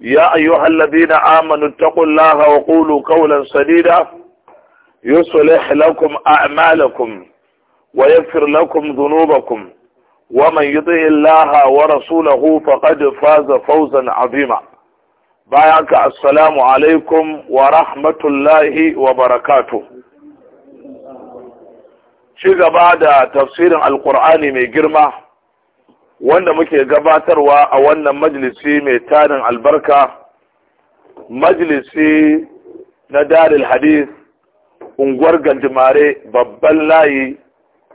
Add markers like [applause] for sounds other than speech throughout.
يا أيها الذين آمنوا اتقوا الله وقولوا قولا سديدا يصلح لكم أعمالكم ويغفر لكم ذنوبكم ومن يطع الله ورسوله فقد فاز فوزا عظيما بايعك السلام عليكم ورحمة الله وبركاته شيخ بعد تفسير القرآن من جرمه wanda muke gabatarwa a wannan majalisi mai tarin albarka majalisi na daril hadis unguwar gandumare babban layi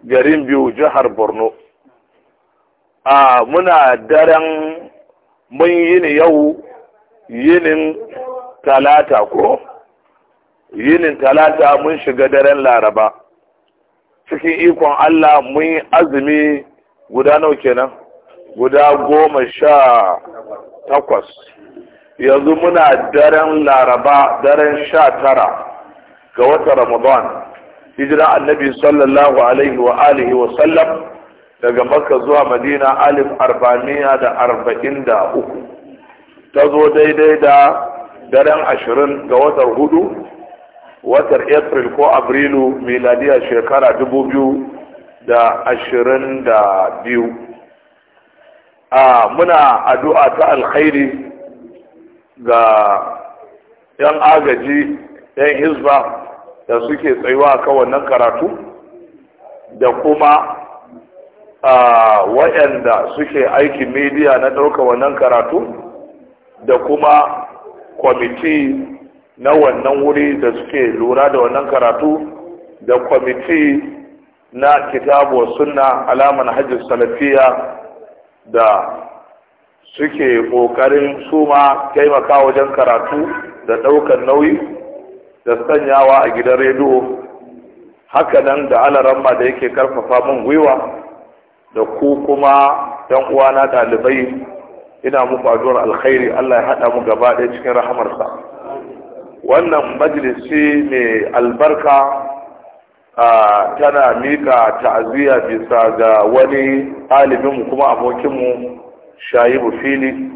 garin biyu jihar borno a muna daren mun yini yau yinin talata ko yinin talata mun shiga daren laraba cikin ikon allah mun yi azumi guda nawa kenan guda goma sha takwas yanzu muna daren laraba daren sha tara ga wata ramadan hijira annabi sallallahu alaihi wa alihi wa sallam daga makka zuwa madina alif arba'amiya da arba'in da uku ta zo daidai da daren ashirin ga watar hudu watar april ko abrilu miladiya shekara dubu biyu da ashirin da biyu a muna addu'a ta alkhairi ga yan agaji yan hisba da suke tsayuwa kan wannan karatu da kuma waɗanda suke aiki media na ɗauka wannan karatu da kuma kwamiti na wannan wuri da suke lura da wannan karatu da kwamiti na kitabu sunna alaman hajji salafiya da suke ƙoƙarin suma taimaka wajen karatu da ɗaukar nauyi da sanyawa a gidan rediyo haka nan da alaramma da yake karfafa min gwiwa da ku kuma ɗan uwana ɗalibai ina muku addu'ar alkhairi Allah ya haɗa mu gaba ɗaya cikin rahamarsa wannan majalisi ne albarka tana mika ta'aziyya bisa ga wani ɗalibinmu kuma abokinmu shayibu fili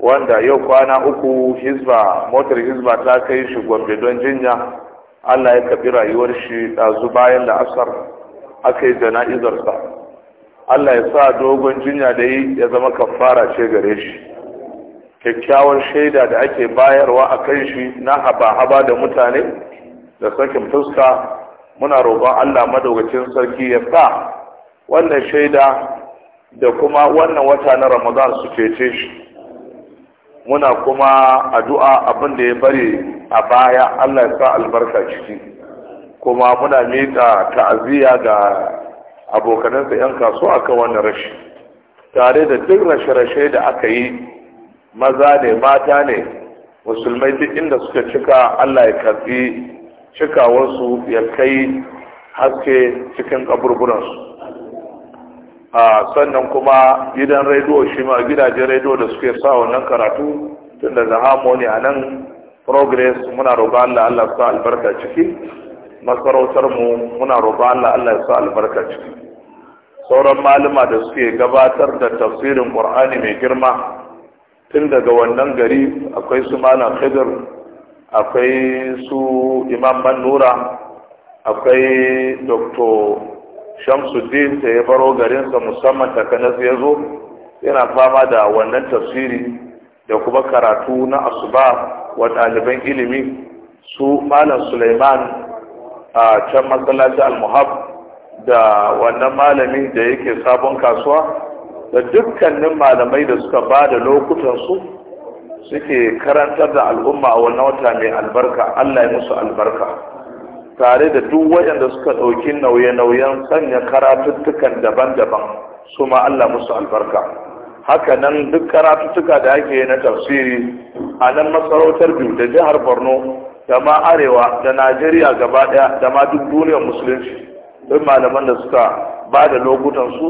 wanda yau kwana uku hizba motar hizba ta kai shi gombe don jinya allah ya kafi rayuwar shi ɗazu bayan da asar aka yi jana'izarsa allah ya sa dogon jinya da yi ya zama kafara ce gare shi kyakkyawar shaida da ake bayarwa a kan shi na haba-haba da mutane da sakin fuska muna roƙon Allah madaukakin sarki ya sa wannan shaida da kuma wannan wata na Ramadan su cece shi muna kuma addu'a abin da ya bari a baya Allah ya sa albarka ciki kuma muna mika ta'aziyya ga abokanansa 'yan kasuwa kan wannan rashi tare da duk rashe-rashe da aka yi maza ne mata ne musulmai duk inda suka cika Allah ya karfi cikawarsu ya kai haske cikin kaburburansu a sannan kuma gidan rediyo shi ma gidajen rediyo da suke sa wannan karatu tun daga harmony a nan progress muna roƙa Allah Allah sa albarka ciki masarautar mu muna roƙa Allah Allah sa albarka ciki sauran malama da suke gabatar da tafsirin Qur'ani mai girma tun daga wannan gari akwai su malam khidr akwai su imam manura akwai dr shamsuddin da ya baro garinsa musamman takanas ya zo yana fama da wannan tafsiri da kuma karatu na asuba wa ɗaliban ilimi su malam suleiman a can masallaci almuhab da wannan malami da yake sabon kasuwa da dukkanin malamai da suka ba da lokutansu suke karantar da al'umma a wannan wata mai albarka Allah ya musu albarka tare da duk waɗanda suka ɗauki nauye-nauyen sanya karatuttukan daban-daban su ma Allah musu albarka haka nan duk karatuttuka da ake na tafsiri a nan masarautar biyu da jihar borno da ma arewa da najeriya gaba ɗaya da ma duk duniyar musulunci duk malaman da suka ba da lokutan su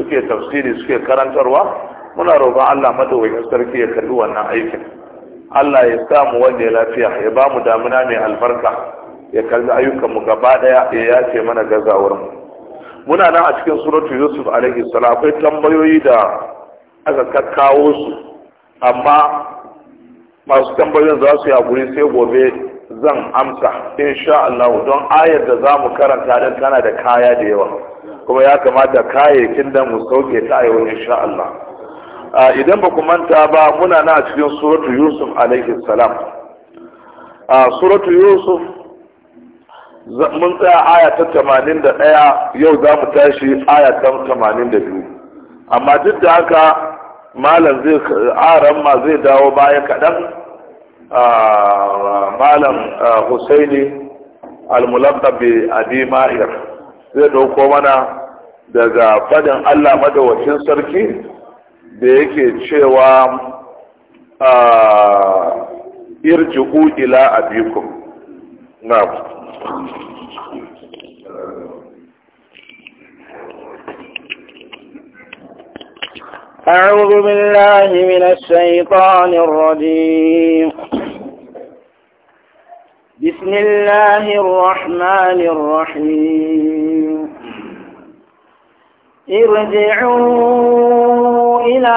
suke tafsiri suke karantarwa muna roƙon Allah madawacin sarki ya kalli wannan aikin Allah ya samu wanda ya lafiya ya ba mu damuna mai albarka ya kalli ayyukanmu gaba ɗaya ya yace mana mu muna nan a cikin suratu yusuf alaihi salam akwai tambayoyi da aka kakkawo su amma masu tambayoyin za su yi guri sai gobe zan amsa insha Allah don ayar da za mu karanta din tana da kaya da yawa kuma ya kamata kayayyakin da mu sauke ta a yau insha Allah idan ba ku manta ba muna na a cikin suratu yusuf alaihi salam a suratu yusuf mun tsaya aya ta tamanin da ɗaya yau za mu tashi aya ta tamanin da biyu amma duk da haka malam zai aran ma zai dawo baya kaɗan malam husaini almulakabi abi mahir zai ɗauko mana daga fadin allah madawacin sarki da yake cewa ah, irji'u ila abikum na أعوذ بالله من الشيطان الرجيم بسم الله الرحمن الرحيم ارجعوا إلى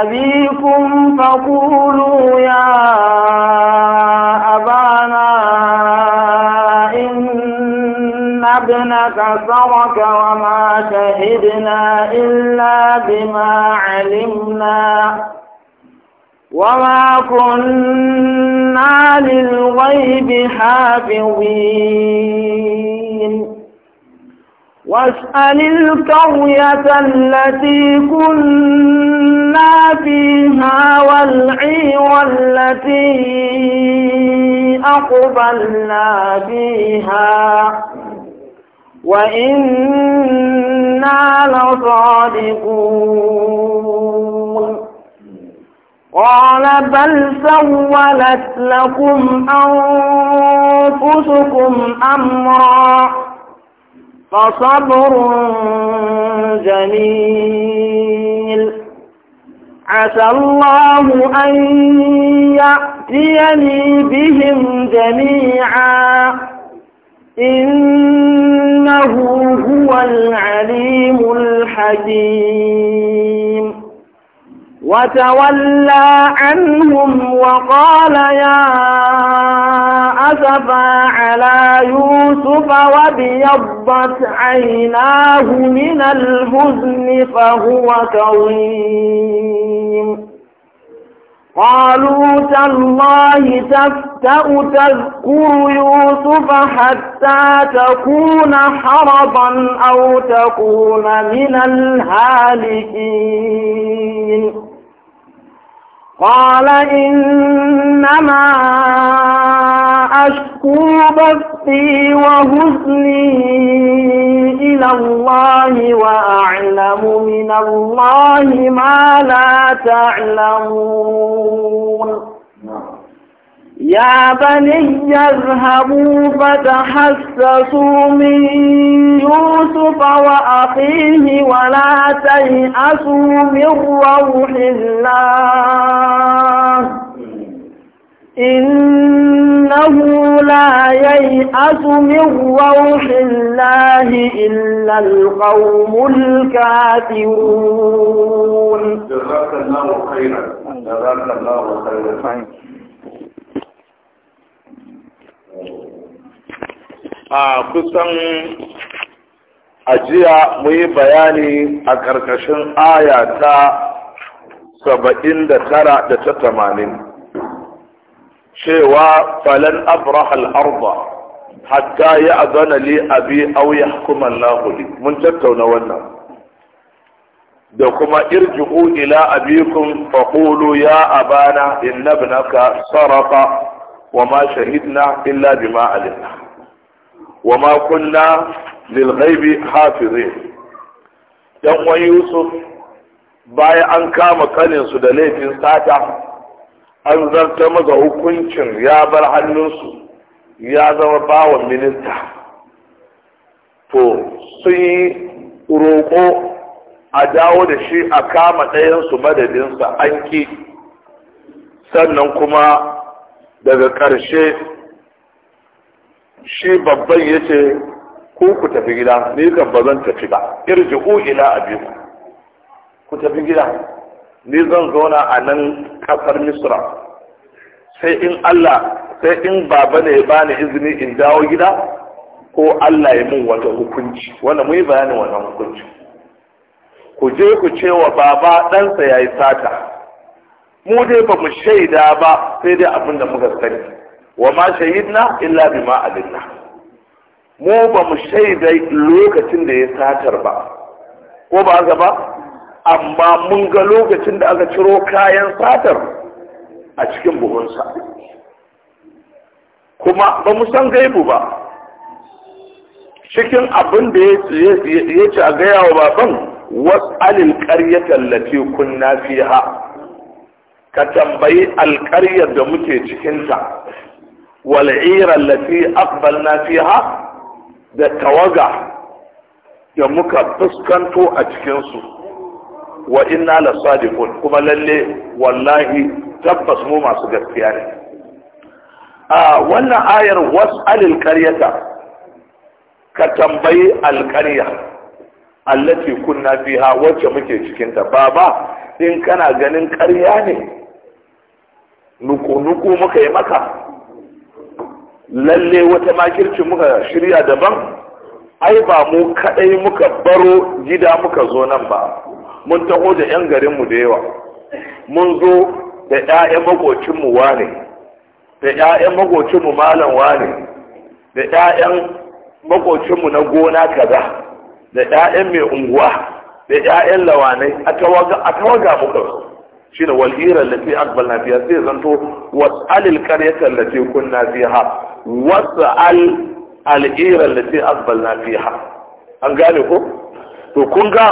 أبيكم فقولوا يا أبانا إن ابنك سرك وما شهدنا إلا بما علمنا وما كنا للغيب حافظين واسأل القرية التي كنا فيها والعير التي أقبلنا فيها وإنا لصادقون قال بل سولت لكم أنفسكم أمرا فصبر جميل عسى الله أن يأتيني بهم جميعا إنه هو العليم الحكيم وتولى عنهم وقال يا أسفا على يوسف وابيضت عيناه من الحزن فهو كظيم قالوا تالله تفتأ تذكر يوسف حتى تكون حرضا أو تكون من الهالكين قال إنما أشكو بثي وهزني إلى الله وأعلم من الله ما لا تعلمون يا بني اذهبوا فتحسسوا من يوسف وأخيه ولا تيأسوا من روح الله إنه لا ييأس من روح الله إلا القوم الكافرون جزاك الله خيرا جزاك الله خيرا a kusan ajiya mu yi bayani a ƙarƙashin aya ta saba'in da tara da ta tamanin cewa falan abrahal arba hatta ya azana li abi auya yahkuma Allah mun tattauna wannan da kuma irji'u ila abikum faqulu ya abana inna ibnaka sarafa wa ma shahidna illa bima alimna wa ma kunna lil ghaibi hafizin yan wani yusuf bayan an kama kaninsu da laifin sata an zarta maza hukuncin ya bar hannunsu ya zama bawan minista to sun yi roƙo a dawo da shi a kama ɗayansu madadinsa an ki sannan kuma daga ƙarshe shi babban ya ce ku ku tafi gida ni kan ba zan tafi ba Irji irji'u ila abiku ku tafi gida ni zan zauna a nan kasar misra sai in allah sai in baba ne ba ni izini in dawo gida ko allah ya min wata hukunci wanda mu yi bayanin wannan hukunci ku je ku ce wa baba ɗansa ya yi sata mu dai ba mu shaida ba sai dai abin da muka sani wa ma shahidna illa bima alimna mu ba mu shaida lokacin da ya satar ba ko ba haka ba amma mun ga lokacin da aka ciro kayan satar a cikin buhunsa kuma ba mu san gaibu ba cikin abin da ya ci a gaya wa baban tallafi kun na kunna ha. ka tambayi alƙaryar da muke cikinta wal'ira lati aqbalna fiha da tawaga da muka fuskanto a cikinsu su wa inna la sadiqun kuma lalle wallahi tabbas mu masu gaskiya ne a wannan ayar was'alil qaryata ka tambayi al'karya, allati kunna fiha wacce muke cikinta? baba in kana ganin karya ne nuku nuku muka yi maka lalle wata makirci muka shirya daban ai ba mu kadai muka baro gida muka zo nan ba mun taho da yan garinmu da yawa mun zo da 'ya'yan makocinmu wane da 'ya'yan makocinmu malam wane da 'ya'yan makocinmu na gona kaza da 'ya'yan mai unguwa da 'ya'yan lawanai a tawaga muka shine walira lati aqbal na fiha sai zanto was'alil qaryata lati kunna fiha was'al al'ira lati aqbal na fiha an gane ko to kun ga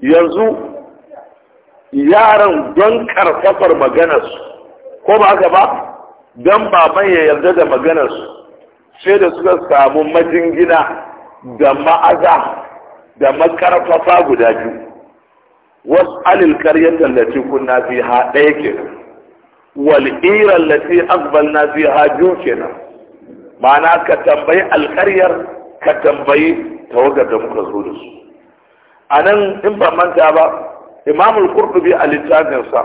yanzu yaran don karfafar maganarsu ko ba haka ba don baban ya yarda da maganarsu sai da suka samu majingina da ma'aza da makarfafa guda biyu واسأل القرية التي كنا فيها ديكنا والإيرة التي أقبلنا فيها جوكنا معناها كتنبي القرية كتنبي توجد مكزولس أنا إن بمنتها بقى imam al-qurtubi a littafinsa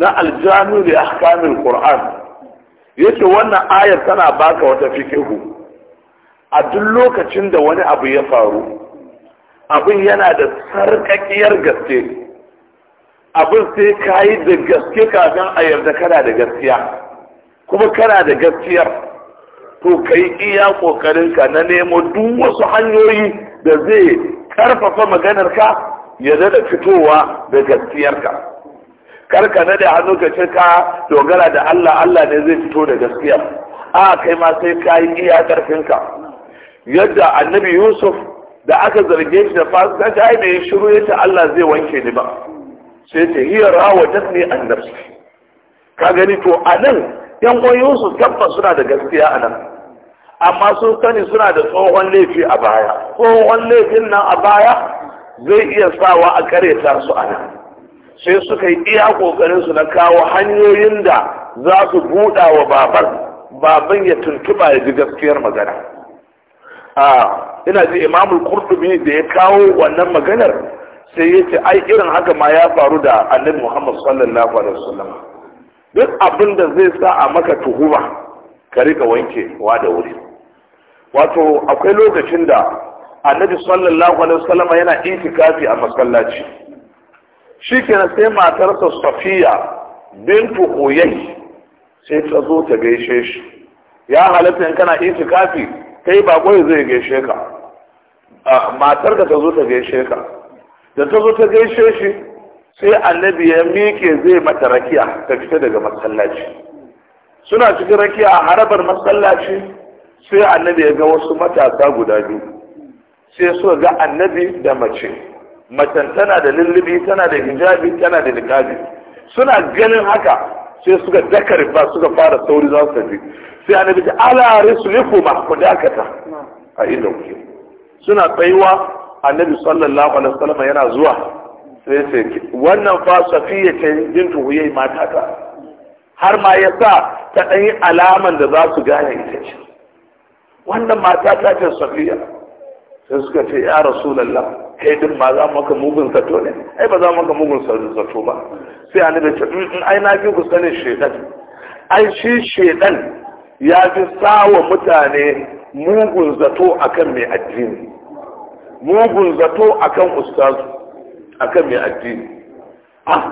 na aljami da ahkamil yace wannan ayar tana baka wata fikihu a duk lokacin da wani abu ya faru abin yana da sarƙaƙiyar gaske abin sai ka yi da gaske kafin a yarda kana da gaskiya kuma kana da gaskiyar to ka yi iya ƙoƙarinka na nemo duk wasu hanyoyi da zai ƙarfafa maganarka ya da fitowa da gaskiyarka karka na da hannu ka ce dogara da Allah Allah ne zai fito da gaskiya a kai ma sai ka yi iya ƙarfinka yadda annabi Yusuf da aka zarge shi da fasikanci ai ya shiru ya ce Allah zai wanke ni ba sai ce hiya ne an nafsi ka gani to a nan yan uwan su tabbas suna da gaskiya a nan. amma sun sani suna da tsohon laifi a baya tsohon laifin nan a baya zai iya sawa a kareta su nan. sai suka yi iya kokarin su na kawo hanyoyin da za su buɗa wa baban baban ya tuntuɓa ya ji gaskiyar magana ah, ina ji imamul kurtubi da ya kawo wannan maganar sai ya ce ai irin haka ma ya faru da annabi muhammad sallallahu alaihi wasallam duk abin da zai sa a maka tuhuma ka rika wanke wa da wuri wato akwai lokacin da annabi sallallahu alaihi wasallam yana itikafi a masallaci shi shikenan sai matarsa safiya bintu huyai sai ta zo ta gaishe shi ya halatta in kana itikafi kai ba ya zai gaishe ka a ah, matar da ta zo ta gaishe ka da ta zo ta gaishe shi sai annabi ya miƙe zai mata rakiya ta fita daga masallaci suna cikin rakiya a harabar masallaci sai annabi ya ga wasu matasa guda biyu sai suka ga annabi da mace macen tana da lullubi tana da hijabi tana da niqabi suna ganin haka sai suka dakar ba suka fara sauri za su tafi sai annabi ta ala risliku ma ku dakata a inda kuke suna tsayuwa annabi sallallahu alaihi wasallam yana zuwa sai sai wannan fa safiya ce to huyai mata ta har ma ya sa ta ɗan yi alaman da za su gane ita ce wannan mata ta ce safiya sai suka ce ya rasulallah kai duk ma za maka mugun sato ne ai ba za maka mugun sato ba sai annabi ce in mm, mm, ai na fi ku sanin shedan ai shi shedan ya fi sawa mutane mugun zato akan mai addini mugun zato akan ustazu akan mai addini ah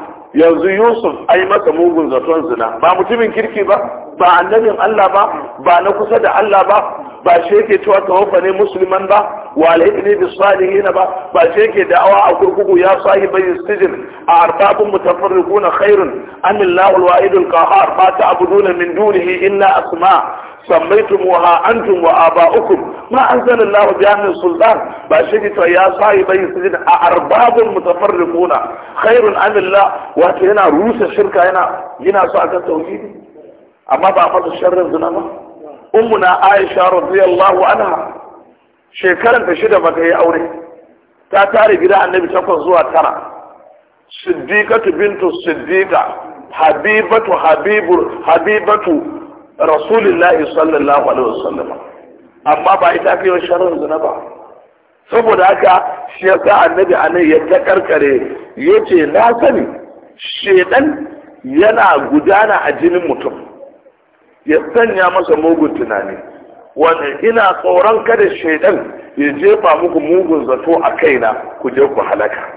yanzu yusuf ai masa mugun zaton zina ba mutumin kirki ba ba annabin allah ba ba na kusa da allah ba ba shi yake cewa tawaffani musulman ba wa alhidni bis salihin ba ba shi yake da'awa a kurkuku ya sahibai sijin a arbabun mutafarriquna khairun am illahu alwahid alqahar ma ta'buduna min dunihi illa asma سميتموها أنتم وآباؤكم ما أنزل الله بها من سلطان باشيك يا صاحبي السجن أرباب متفرقون خير أم الله وهنا روس الشركة هنا ba ساعة التوحيد أما بعض الشر ba. ummuna aisha radiyallahu anha shekaran ta shida ba yi aure ta tare gida annabi takwas zuwa tara siddiqatu bintu siddiqa habibatu habibu habibatu rasulillahi sallallahu alaihi wasallam amma ba ita kai sharrin zina ba saboda haka shi yasa annabi anan ya ta karkare yace na sani shedan yana gudana a jinin mutum ya sanya masa mugun tunani wanda ina tsoron kada shaidan ya jefa muku mugun zato a kaina ku je ku halaka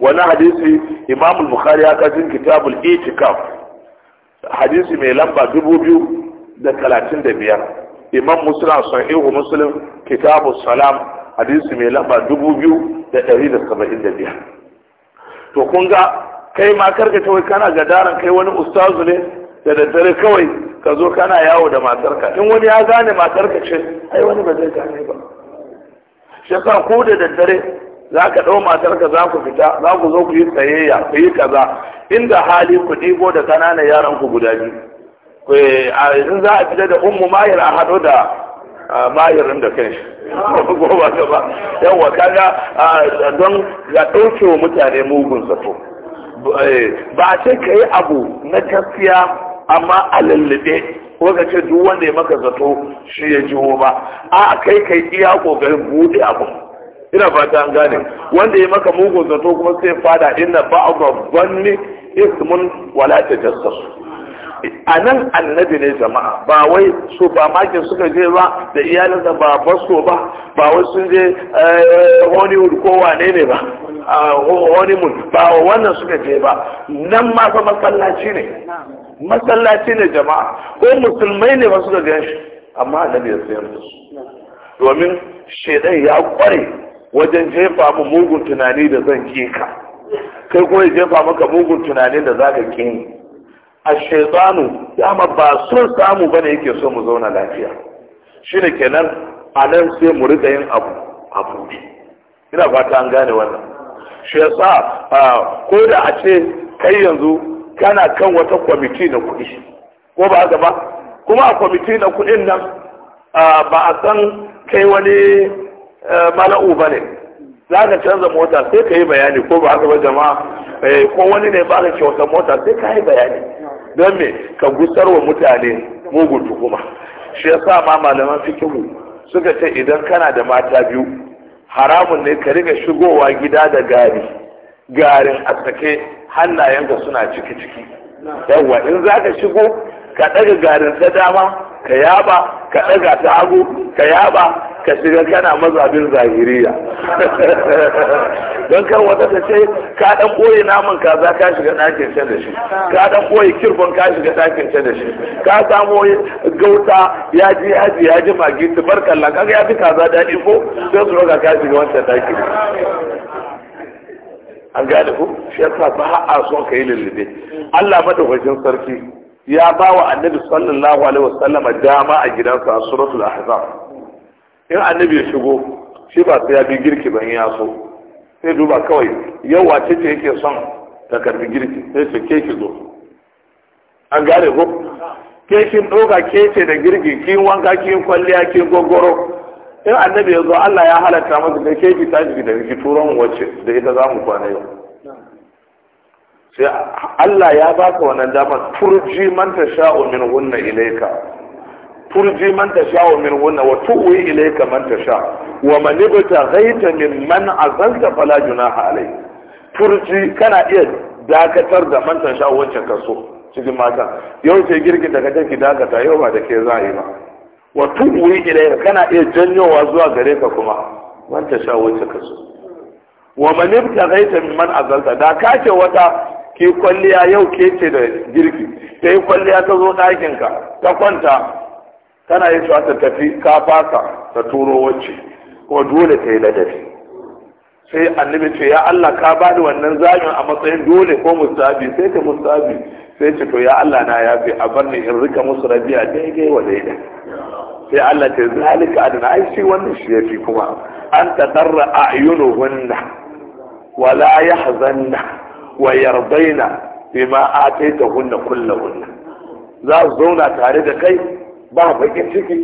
wani hadisi imam bukhari ya kajin kitabul itikaf hadisi mai lamba dubu biyu da talatin da biyar imam son ihu musulun. kitabu salam hadisi mai lamba dubu biyu da ɗari da saba'in da biyar to kun ga kai ma karka ta wai kana gadaran kai wani ustazu ne da daddare kawai ka zo kana yawo da matarka in wani ya gane matarka ce ai wani ba zai gane ba shi yasa ku da daddare za ka ɗau matarka za ku fita za ku zo ku yi tsayayya ku yi kaza inda hali ku ɗibo da ƙananan yaran ku guda biyu in za a fita da ummu mayar a haɗo da mayarin da kan shi goba gaba yawwa kaga don ya ɗauke wa mutane mugun zato eh, ba a ce ka yi abu na gaskiya amma a lallabe ko ka ce duk wanda ya maka zato shi ya jiwo ba a kai kai iya kokarin bude abu ina fata an gane wanda ya maka mugun zato kuma sai fada inna babban ne ismun wala jassar a nan annabi ne jama'a ba wai su ba makin suka je ba da iyalinsa ba baso ba ba wai sun je eh, hollywood ko wane ne ba ah, honeymoon ba wannan suka je ba nan ma fa masallaci ne masallaci ne jama'a ko musulmai ne masu da shi amma da ya sayar da su domin shaidan ya kware wajen jefa mu mugun tunani da zan ke ka kai kuma ya jefa maka mugun tunani da za ka ke ni a shaidanu dama ba son samu bane yake so mu zauna lafiya shi ne kenan a nan sai mu rika yin abu a buɗe ina fata an gane wannan shi yasa ko da a ce kai yanzu kana kan wata kwamiti na kuɗi ko ba gaba kuma a kwamiti na kuɗin nan ba a san kai wani mala'u ba ne za ka canza mota sai ka yi bayani ko ba haka ba jama'a eh, ko wani ne ba ka kyauta mota sai ka yi bayani don me ka gusar wa mutane mugun tukuma shi sa ma malaman fikihu suka ce idan kana da mata biyu haramun ne ka riga shigowa gida da gari garin a sake hannayenka suna ciki-ciki yawwa in za ka shigo ka ɗaga garin ta dama ka yaba ka ɗaga ta hagu ka yaba ka shiga kana mazabin zahiriya [laughs] don kar wata ta ce ka ɗan ɓoye naman kaza ka shiga ɗakin can da shi ka ɗan ɓoye kirbin ka shiga ɗakin can da shi ka samo gauta ya ji yaji ya ji magi tubar kallon kaga ya fi kaza daɗi ko sai su roga ka shiga wancan ɗakin an gane ku shi sa ba a so ka yi lullube Allah madaukakin sarki ya ba wa annabi sallallahu alaihi wasallama dama a gidansa a suratul ahzab in annabi ya shigo shi ba sai ya bi girki ban ya so sai duba kawai yau wace ce yake son ta karbi girki sai ce ke ki zo an gane ku kekin kin doka ce da girki kin wanka kin kwalliya kin gogoro in annabi ya zo Allah ya halatta masa da ke ki tashi da ki turon wacce da ita za mu kwana yau sai Allah ya baka wannan dama turji man tasha'u min hunna ilayka turji man tasha'u min hunna wa tu'wi ilayka man sha wa man ibtaghaita min man azalta fala junaha alay turji kana iya dakatar da man tasha'u wacce kaso cikin mata yau sai girgin da ka ki dakata yau ba da ke za'i ba wa tuwi ilayka kana iya janyowa zuwa gare ka kuma wanta sha wacce ka so wa man ibtaghaita mimman azalta da ka ce wata ke kwalliya yau ke ce da girki sai kwalliya ta zo ɗakin ka ta kwanta tana yin ta tafi ka fasa ta turo wacce kuma dole ta yi ladabi sai annabi ce ya Allah ka bani wannan zamin a matsayin dole ko mustabi sai ta mustabi sai ce to ya Allah na ya fi a bar ni in rika musu rabiya daidai wa daidai sai Allah ce zalika adana ai shi wannan shi yafi kuma an tadarra a'yunuhunna wa la yahzanna wa yardaina bima ataitahunna kullahunna za su zauna tare da kai ba bakin ciki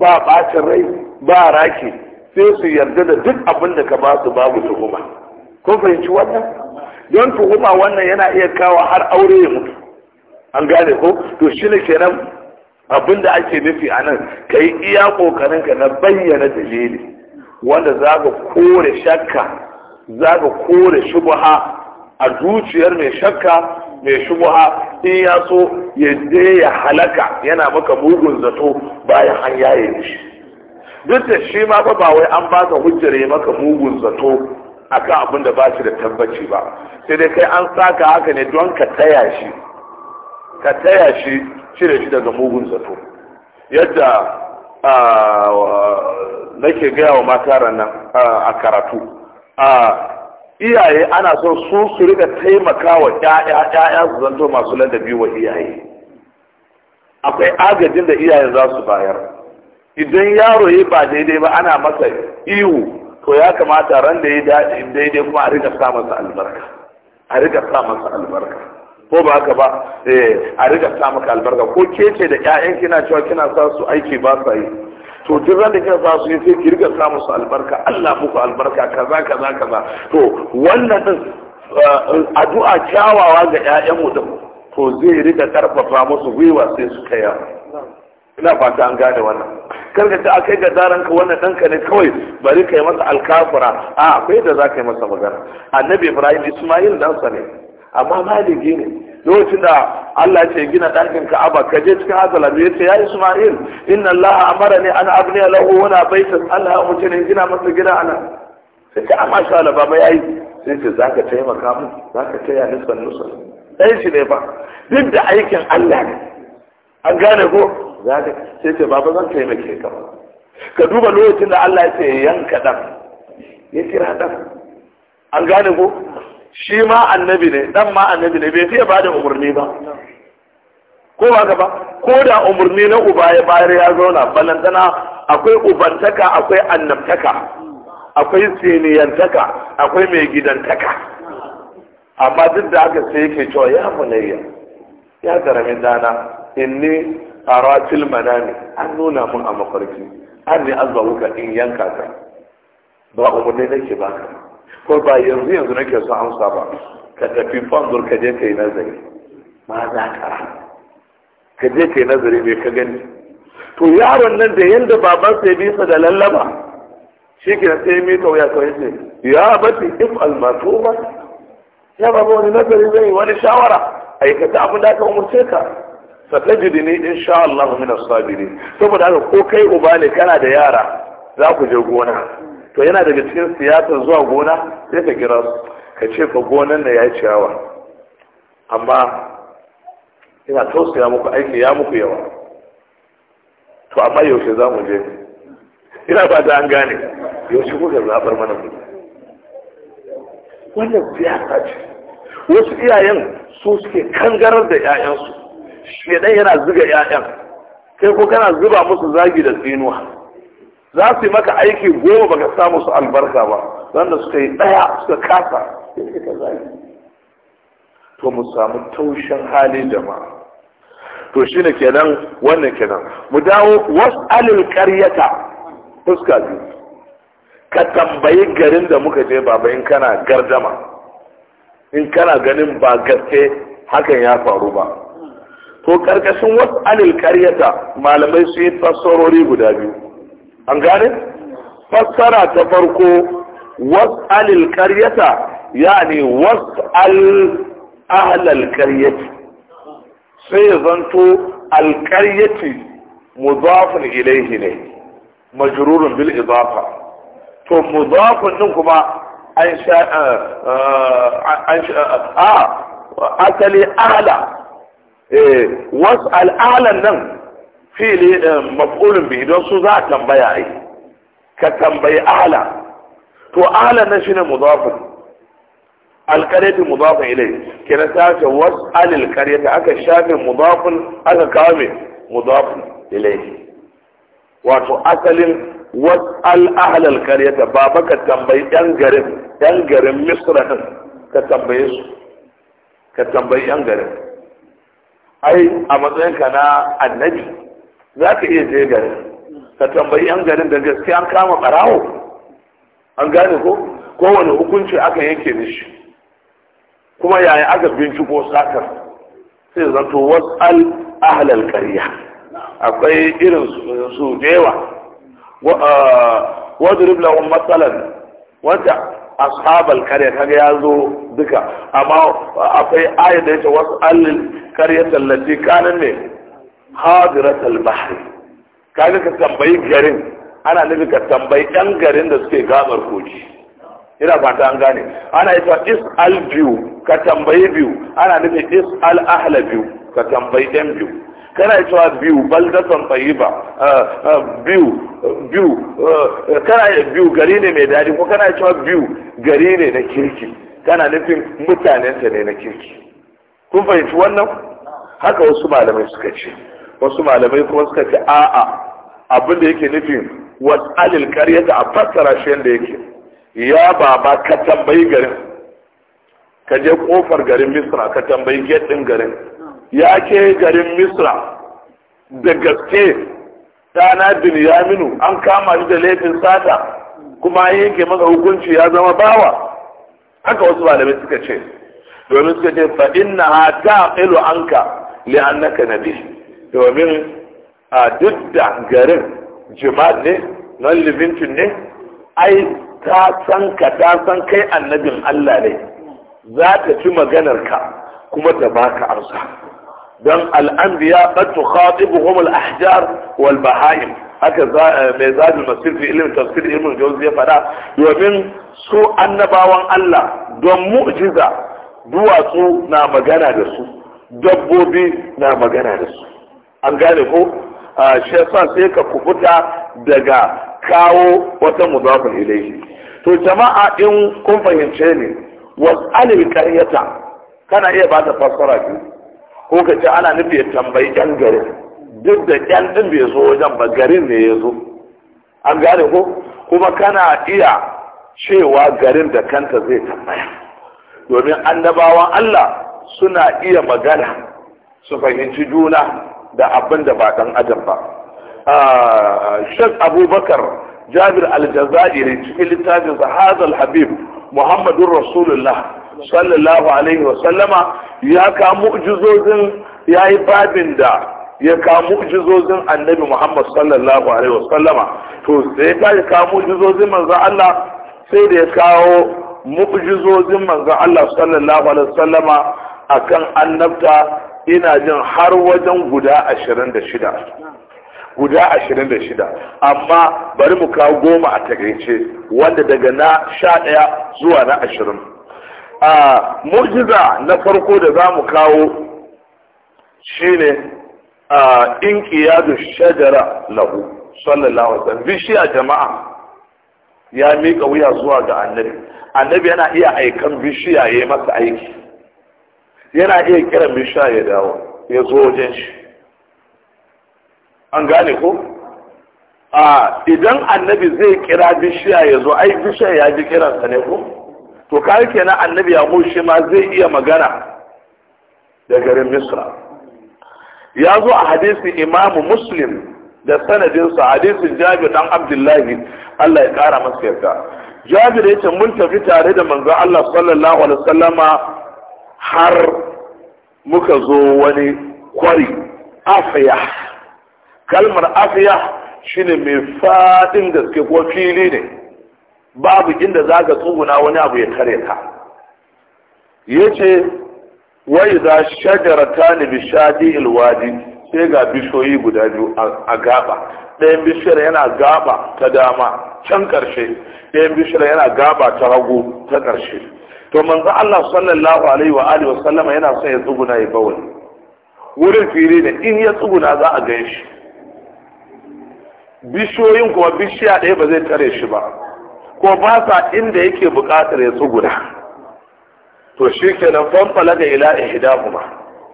ba bacin rai ba raki sai su yarda da duk abin da ka ba su babu tuhuma kun fahimci wannan don tuhuma wannan yana iya kawo har aure ya mutu an gane ko to shi ne kenan abin da ake nufi a nan ka yi iya kokarin ka na bayyana dalili wanda za ka kore shakka za ka kore shubuha a zuciyar mai shakka mai shubuha in ya so ya je ya halaka yana maka mugun zato bayan an yaye shi duk da shi ma ba wai an ka hujjar ya maka mugun zato akan abin da ba shi da tabbaci ba sai dai kai an saka haka ne don ka taya shi ka taya shi cire shi daga mugun zato yadda nake gaya wa mata nan a karatu iyaye ana son su su rika taimaka wa ƴaƴa su zanto masu ladabi wa iyaye akwai agajin da iyaye za su bayar idan yaro ya ba daidai ba ana masa iwu to ya kamata ran da ya daidai kuma a rika sa masa a rika sa masa albarka ko ba haka ba eh, a riga sa maka albarka ko ke ce da ƴaƴan kina cewa kina sa su aiki ba sa yi to duk ran da kina sa su yi sai ki riga sa musu albarka Allah muku albarka kaza kaza kaza to wannan din eh, addu'a kyawawa ga ƴaƴanmu da ku to zai riga karfafa musu gwiwa sai su kai ina fata an gane wannan karka ta akai ga daren ka wannan danka ne kawai bari kai masa alkafura a akwai da za ka yi masa magana annabi ibrahim ismail sa ne amma maliki ne lokacin da Allah ce gina ɗakin Ka'aba ka je cikin Hazala ya ce ya Isma'il inna Allah amara ne an abniya lahu wala baitan Allah ya umarce ne gina masa gida ana sai ce amma ah, sha Allah baba yayi sai ce zaka taimaka mu zaka taya nisan nisan? sannu shi ne ba duk da aikin Allah ne an gane ko zaka sai ce baba zan taimake ka ka duba lokacin da Allah ya ce yanka dan ya kira dan an gane ko shi ma annabi ne dan ma annabi ne bai fiye ba da umarni ba ko ba gaba ko da umarni na uba ya bayar ya zauna balantana akwai ubantaka akwai annabtaka akwai siniyantaka akwai mai gidantaka amma duk da aka sai yake cewa ya munayya ya karamin dana inni aratil manami an nuna mun a mafarki an ne azbawuka in yanka ka ba umarni nake baka ko ba yanzu yanzu nake so amsa ba ka tafi fanzur ka je kai nazari ma za ka ka je kai nazari mai ka gani to yaron nan da yanda baban sai bisa da lallaba shi ke sai mika wuya kawai ce ya bati if almatuma ya babu wani nazari zai wani shawara aikata abin da aka umarce ka in insha Allah mu as sabiri saboda haka ko kai uba ne kana da yara za ku je gona to yana daga cikin siyasar zuwa gona sai ka kira su ka ce ka gonan da ya yi ciyawa amma ina tausaya muku aiki ya muku yawa to amma yaushe za mu je ina ba da an gane yaushe kuka zaɓar mana ku wannan siyasa ce wasu iyayen su suke kangarar da 'ya'yansu shedan yana zuga 'ya'yan kai ko kana zuba musu zagi da tsinuwa za su yi maka aiki goma baka samu su albarka ba wanda suka yi ɗaya suka kasa ka to mu samu taushen hali jama'a to shi ne kenan wannan kenan mu dawo was'alil karyata fuska biyu ka tambayi garin da muka je baba in kana gardama in kana ganin ba gaske hakan ya faru ba to karkashin was'alil karyata malamai su yi fassarori guda biyu an gane fassara ta farko was'alil qaryata yani was'al ahlal qaryati sai zanto al qaryati mudafun ilayhi ne majrurun bil idafa to mudafun din kuma an sha an sha a asali ahla eh was'al ahlan nan fili eh, maf'ulun bi don su za a tambaya ai ka tambayi ala to ala na shine mudafin alqaryatu mudafin ilai kira ta ce was'al alqaryata aka shafe mudafin aka kawo me mudafin ilai wato asalin wasu ahla alqaryata baba ka tambayi yan garin yan garin misra din ka tambaye su ka tambayi yan garin ai a matsayinka na annabi za ka iya je gari ka tambayi yan garin da gaske an kama ɓarawo an gane ko kowane hukunci aka yanke shi kuma yaya aka binciko sakar sai zanto wasal ahlal qarya akwai irin su wa wadrib lahum masalan wanda ashabal karya kaga ya zo duka amma akwai ayat da yake wasal qaryatan lati kanan ne hadirat al bahri kaga ka tambayi garin ana nufi ka tambayi dan garin da suke gabar koji ina fata an gane ana yi is al biyu ka tambayi biyu ana nufi is al ahla biyu ka tambayi dan biyu kana yi cewa da tambayi ba biyu biyu eh, eh, kana ita biyu gari ne mai daɗi ko kana yi cewa biyu gari ne na kirki kana nufin ta ne na kirki kun fahimci wannan haka wasu malamai suka ce wasu malamai kuma suka ce a'a abinda yake nufin wasalil qaryata a fassara shi da yake ya baba ka tambayi garin ka je kofar garin misra ka tambayi gate din garin ya ke garin misra da gaske dana binyaminu an kama shi da laifin sata kuma yanke masa hukunci ya zama bawa haka wasu malamai suka ce domin suka ce fa inna ha taqilu anka li annaka nabi domin a duk da garin jima'i ne non livingston ne ai ta san ka ta san kai annabin Allah ne za ta ci maganar ka kuma ta baka amsa don al'anbiya qad tukhatibuhum al-ahjar wal bahaim haka eh, mai zabi masir fi ilimin tafsir ilimin jawzi ya faɗa? domin su annabawan Allah don mu'jiza duwatsu na magana da su dabbobi na magana da su an gane ko shi sa sai ka kubuta daga kawo wata mudafin ilaihi to jama'a in kun fahimce ne was'alil qaryata kana iya bata fassara ki ko ka ce ana nufi tambayi yan garin duk da yan din bai zo wajen ba garin ne ya zo an gane ko kuma kana iya cewa garin da kanta zai tambaya domin annabawan Allah suna iya magana su fahimci juna da abin da ba dan adam ba ah, shek abubakar jabir aljazairi cikin littafin hazal habib muhammadun rasulullah sallallahu alaihi wa sallama ya ka mu'jizozin ya yi babin da ya ka mu'jizozin annabi muhammad sallallahu alaihi wa sallama to sai ya ka mu'jizozin manzo Allah sai da ya kawo mu'jizozin manzo Allah sallallahu alaihi wa sallama akan annabta ina jin har wajen guda ashirin da shida guda ashirin da shida amma bari mu kawo goma a takaice wanda daga na sha ɗaya zuwa na ashirin a mujiza na farko da za mu kawo shine a inqiyadu shajara lahu sallallahu alaihi bishiya jama'a ya miƙa wuya zuwa ga annabi annabi yana iya aikan bishiya yi masa aiki yana iya kiran mai ya dawo ya zo wajen shi an gane ko a idan annabi zai kira bishiya ya zo ai bishiya ya ji kiransa ne ko to kai kenan annabi ya shi ma zai iya magana da garin misra ya zo a hadisin imamu muslim da sanadinsa hadisin jabir dan abdullahi Allah ya kara masa yarda jabir ya ce mun tafi tare da manzo Allah sallallahu alaihi wasallama har muka zo wani kwari afiya kalmar afiya shine mai faɗin gaske ko fili ne babu inda za ka tsuguna wani abu ya kare ta ya ce wai za ta ne bishadi ilwadi sai ga bishoyi guda biyu a gaba ɗayan bishiyar yana gaba ta dama can ƙarshe ɗayan bishiyar yana gaba ta hagu ta ƙarshe to manzo Allah sallallahu alaihi wa alihi wa sallama yana son ya tsuguna ya bawali wurin fili ne in ya tsuguna za a gan shi bishiyoyin kuma bishiya ɗaya ba zai tare shi ba ko ba sa inda yake buƙatar ya tsuguna to shi kenan fanfala ga ila ihdahuma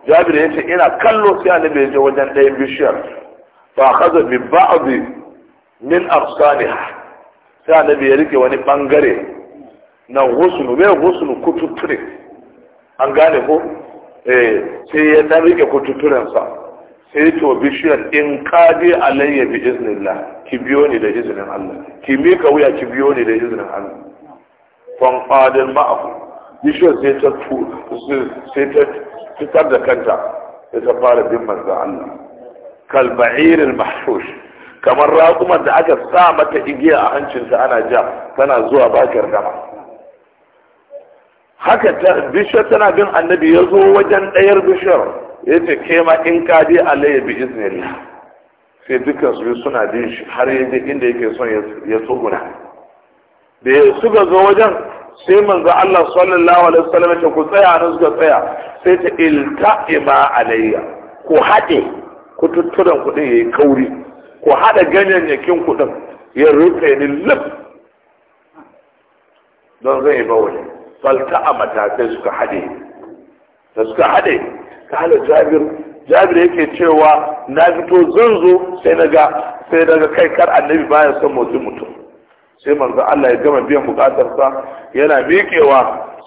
jabir yace ina kallo sai annabi ya je wajen ɗayan bishiyar fa khaza bi ba'd min afsaniha sai annabi ya rike wani bangare na husnu mai husnu kututture an gane ko eh, sai ya dan rike kututturensa sai to bishiyar in kaje alayya bi iznillah ki biyo ni da izinin Allah ki mi ka wuya ki biyo ni da izinin Allah fan qadil ma'ahu bishiyar sai ta sai ta fitar da kanta sai ta fara bin manzon Allah kal ba'ir al mahshush kamar raƙumar da aka sa mata igiya a hancinta ana ja tana zuwa bakar dama haka bishiyar tana bin annabi ya zo wajen ɗayar bishiyar ya ce ke ma in ka je alayya bi iznillah sai dukkan su suna bin shi har yi inda yake son ya tsoguna da ya suka zo wajen sai manzo Allah sallallahu alaihi wasallam ce ku tsaya nan suka tsaya sai ta ima alayya ku haɗe ku tutturan kuɗin yayi kauri ku haɗa ganyayyakin kuɗin ya rufe ni lif don zai yi bawani falta a matakai suka haɗe da suka haɗe kala jabir jabir yake cewa na fito zan zo sai daga sai daga kai kar annabi baya son motsin mutum sai manzo Allah ya gama biyan bukatarsa yana miƙewa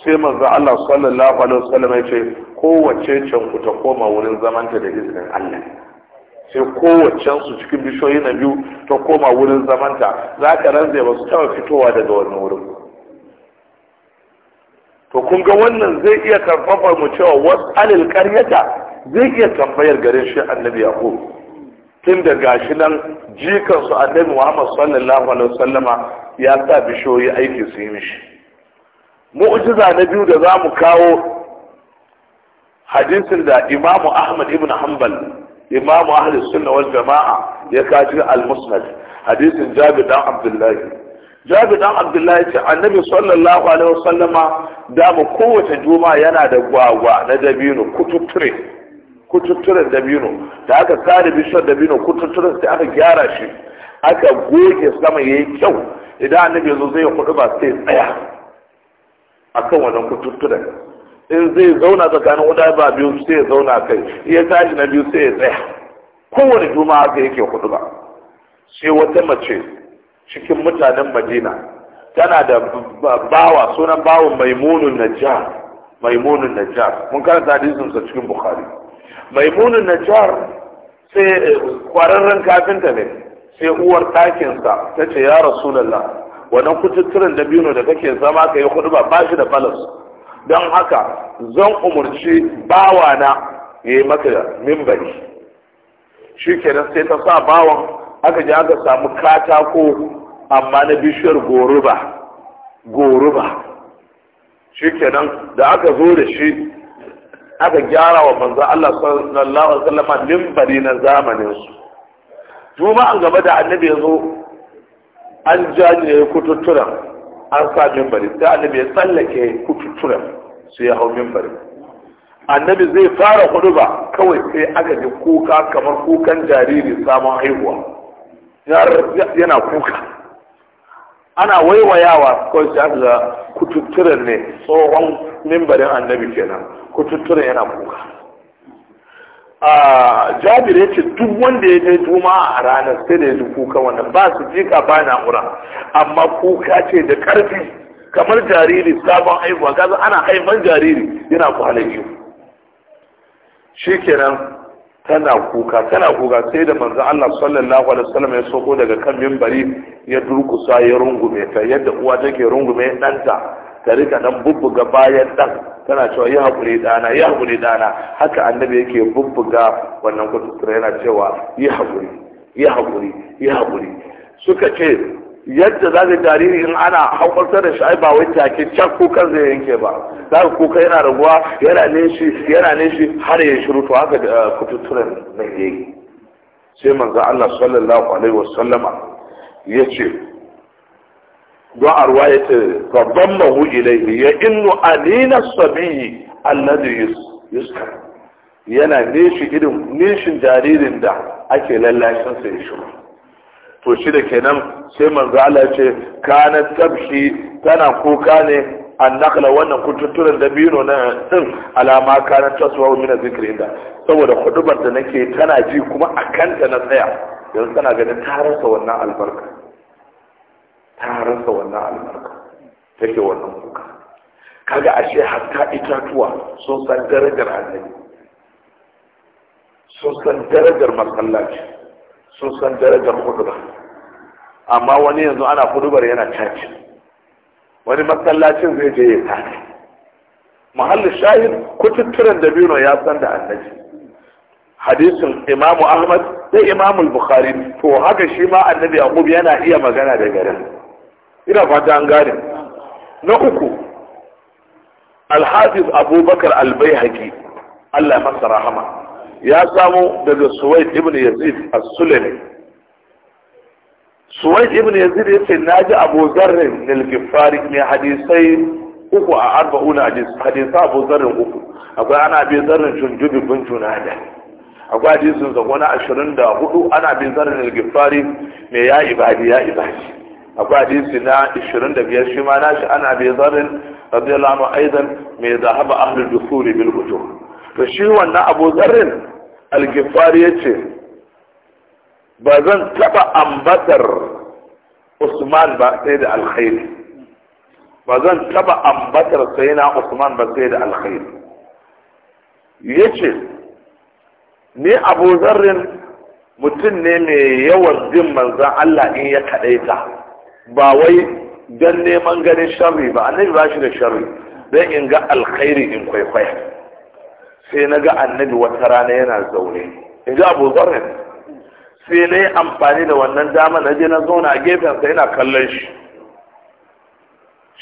sai manzo Allah sallallahu alaihi wasallam ya ce kowace can ku ta koma wurin zamanta da izinin Allah sai kowace su cikin bishoyi na biyu ta koma wurin zamanta za ka ranzai ba su taɓa fitowa daga wannan wurin to kun ga wannan zai iya karfafa mu cewa wasu alil karyata zai iya tambayar garin shi annabi yaqub tun da gashi nan jikan su annabi Muhammad sallallahu alaihi wasallama ya sa bishoyi aiki su yi mishi mu'jiza na biyu da zamu kawo hadisin da Imam Ahmad ibn Hanbal Imam Ahlus Sunnah wal Jama'a ya kaji al-Musnad hadisin Jabir dan Abdullahi jabi dan abdullahi ce annabi sallallahu alaihi wasallama da mu kowace juma yana da gwagwa na dabino kututure kututturen dabino da aka kare bishiyar dabino kututturen sai aka gyara shi aka goge sama yayi kyau idan annabi zo zai kudu ba sai tsaya akan wannan kututturen in zai zauna tsakanin uda ba biyu sai ya zauna kai iya tashi na biyu sai ya tsaya kowace juma ga yake kudu ba sai wata mace cikin mutanen madina tana da bawa sunan bawon maimunun najjar maimunun najjar mun karanta hadisin sa cikin bukhari maimunun najjar sai eh, kwararren kafinta ne sai uwar ɗakin sa tace ya rasulullah wannan kututturen da biyu da kake zama ka yi hudu ba ba shi da balas don haka zan umarci bawana ya yi maka mimbari shi kenan sai ta sa bawan aka je aka samu katako amma na bishiyar goruba goruba kenan da aka zo da shi aka gyara wa manzo Allah sallallahu alaihi wasallam limbari na zamanin su an gaba da annabi yazo an jaje kututturan an sa mimbari sai annabi ya tsallake kututturan su ya hau mimbari annabi zai fara huduba kawai sai aka ji kuka kamar kukan jariri samun haihuwa yana kuka ana waiwayawa ko sai aka ga kututturen ne tsohon mimbarin annabi kenan kututturen yana kuka a jabir ce duk wanda ya je duma a ranar sai da ya kuka wannan ba su jika ba na'ura amma kuka ce da karfi kamar jariri sabon haihuwa gaza ana haifan jariri yana kwanaki shi kenan tana kuka tana kuka sai da manzo Allah sallallahu alaihi wasallam ya soko daga kan minbari ya durkusa ya rungume ta yadda uwa take rungume danta ta rika dan bubbuga bayan dan tana cewa ya hakuri dana ya hakuri dana haka annabi yake bubbuga wannan kututura yana cewa ya hakuri ya hakuri ya hakuri suka ce yadda za ka jariri in ana haƙwarsa da shi ba wai take can kukan zai yanke ba za ka kuka yana raguwa yana nishi yana nishi har ya shiru to haka da eh, kututturen nan ya yi sai manzo Allah sallallahu alaihi wa sallama ya ce don a ruwaya ta babban mahu ilaihi ya innu alina sabiyi alladhi yuska yana nishi irin nishin jaririn da ake lallashin sai shiru to shi da kenan sai manzo Allah ya ce kana tabshi tana kuka ne annakla wannan kututturen da biro na din alama kana taswa min zikrin da saboda hudubar da nake tana ji kuma akan ta na tsaya yanzu tana ganin ta rasa wannan albarka ta rasa wannan albarka take wannan kuka kaga ashe hatta itatuwa sun san darajar annabi sun san darajar masallaci sun san darajar hudubar amma wani yanzu ana kudubar yana caci wani masallacin zai je ya tafi Muhallin shahid kututturen dabino ya san da annabi hadisin imamu ahmad da imamu bukhari to haka shi ma annabi yaqub yana iya magana da garin ina fata an gane na uku alhafiz abubakar albaihaki Allah masa rahama ya samu daga suwaid ibn yazid as-sulami suwai ibn yazid yace naji abu zarrin al-gifari ne hadisai uku a arba'una hadisa abu zarrin uku akwai ana bi zarrin junjubi bin junada akwai hadisin sa na ashirin da hudu ana bi zarrin al-gifari ne ya ibadi ya ibadi akwai hadisi na ishirin da biyar shi ma nashi ana bi zarrin radiyallahu anhu aidan mai zahaba ahlul dusuri bil hujur to shi wannan abu zarrin al-gifari yace ba zan taɓa ambatar usman ba sai da alkhairi ba zan taɓa ambatar sai na usman ba sai da alkhairi ya ce ni abu mutum ne mai yawan bin manzan Allah in ya kaɗaita ba wai don neman ganin sharri ba annabi ba shi da sharri don in ga alkhairi in kwaikwaya sai na ga annabi wata rana yana zaune in ga abu sai na yi amfani da wannan damar na je na zauna a gefensa yana kallon shi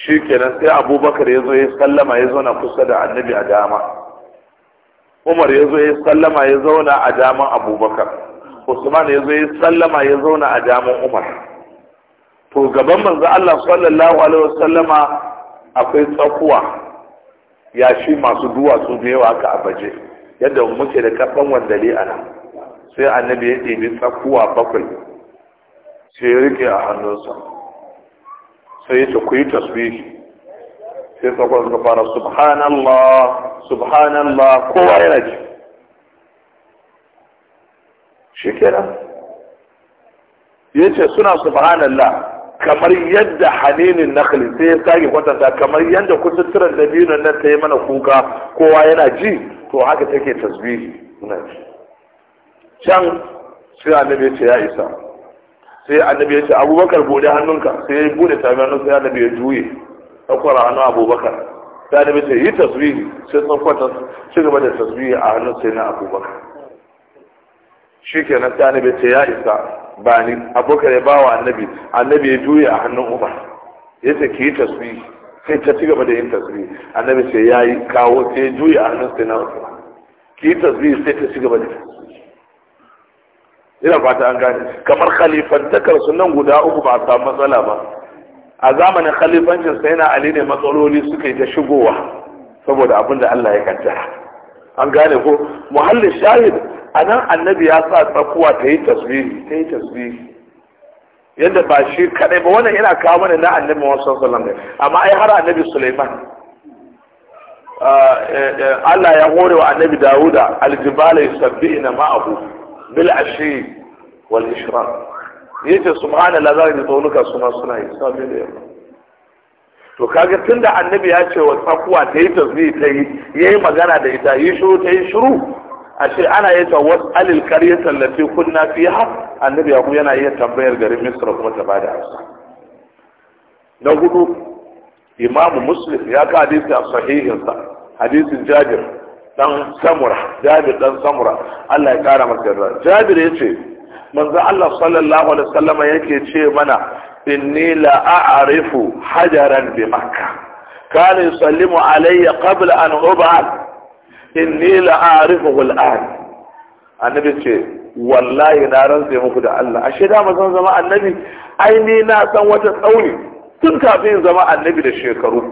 shi kenan sai abubakar ya zo ya sallama ya zauna kusa da annabi a dama umar ya zo ya sallama ya zauna a daman abubakar usman ya zo ya sallama ya zauna a daman umar to gaban manzo Allah sallallahu alaihi wasallama akwai tsakuwa yashi masu duwatsu da yawa aka abaje yadda muke da kafan wandale a nan sai annabi ya ɗebi tsakuwa bakwai sai ya rike a hannunsa sai ya ku yi taswihi sai tsakuwa suka fara subhanallah subhanallah kowa yana ji shi kenan ya ce suna subhanallah kamar yadda haninin nakali sai ya sage kwatanta kamar yadda kututturan dabinon nan ta yi mana kuka kowa yana ji to haka take tasbihi na ji can sai annabi ya ce ya isa sai annabi ya ce abubakar bude hannunka sai ya bude tabi hannun sai annabi ya juye sakwara hannun abubakar sai annabi ce yi tasbihi sai tsofata ci gaba da tasbihi a hannun sai na abubakar shi kenan sai annabi ce ya isa ba ni abubakar ya bawa annabi annabi ya juye a hannun uba ya ce ki yi tasbihi sai ta ci gaba da yin tasbihi annabi ce ya yi kawo sai ya juye a hannun sai na uba ki yi tasbihi sai ta ci gaba da tasbihi ina fata an gane kamar khalifantakar sunan guda uku ba samu matsala ba a zamanin khalifancin sai na ali ne matsaloli suka yi ta shigowa saboda abin da Allah ya kanta an gane ko muhallin shahid anan annabi ya sa tsakuwa ta yi tasbihi ta yi tasbihi yadda ba shi kadai ba wannan yana kawo mana na annabi Muhammad sallallahu alaihi wasallam amma ai har annabi Sulaiman ah, eh, eh, Allah ya hore wa annabi Dawuda aljibala ina ma'ahu bil ashi wal ishraq yace subhanallah za ka ji suna yi to kaga tunda annabi ya ce wa tsakuwa ta yi tasbihi ta yi yayi magana da ita yi shiru ta yi shiru ashe ana yi ta alil qaryata tallafi kunna fiha annabi ya yana iya tambayar garin misra kuma ta bada amsa na hudu imamu muslim ya ka hadisi a sahihinsa hadisin jabir dan samura jabir dan samura Allah ya kara masa yarda jabir ce, manzo Allah sallallahu alaihi wasallam yake ce mana inni la a'rifu hajaran bi makkah kana yusallimu alayya qabla an ub'ath inni la a'rifuhu al'an annabi ce wallahi na rantse muku da Allah ashe da zan zama annabi ai ni na san wata tsauni tun kafin zama annabi da shekaru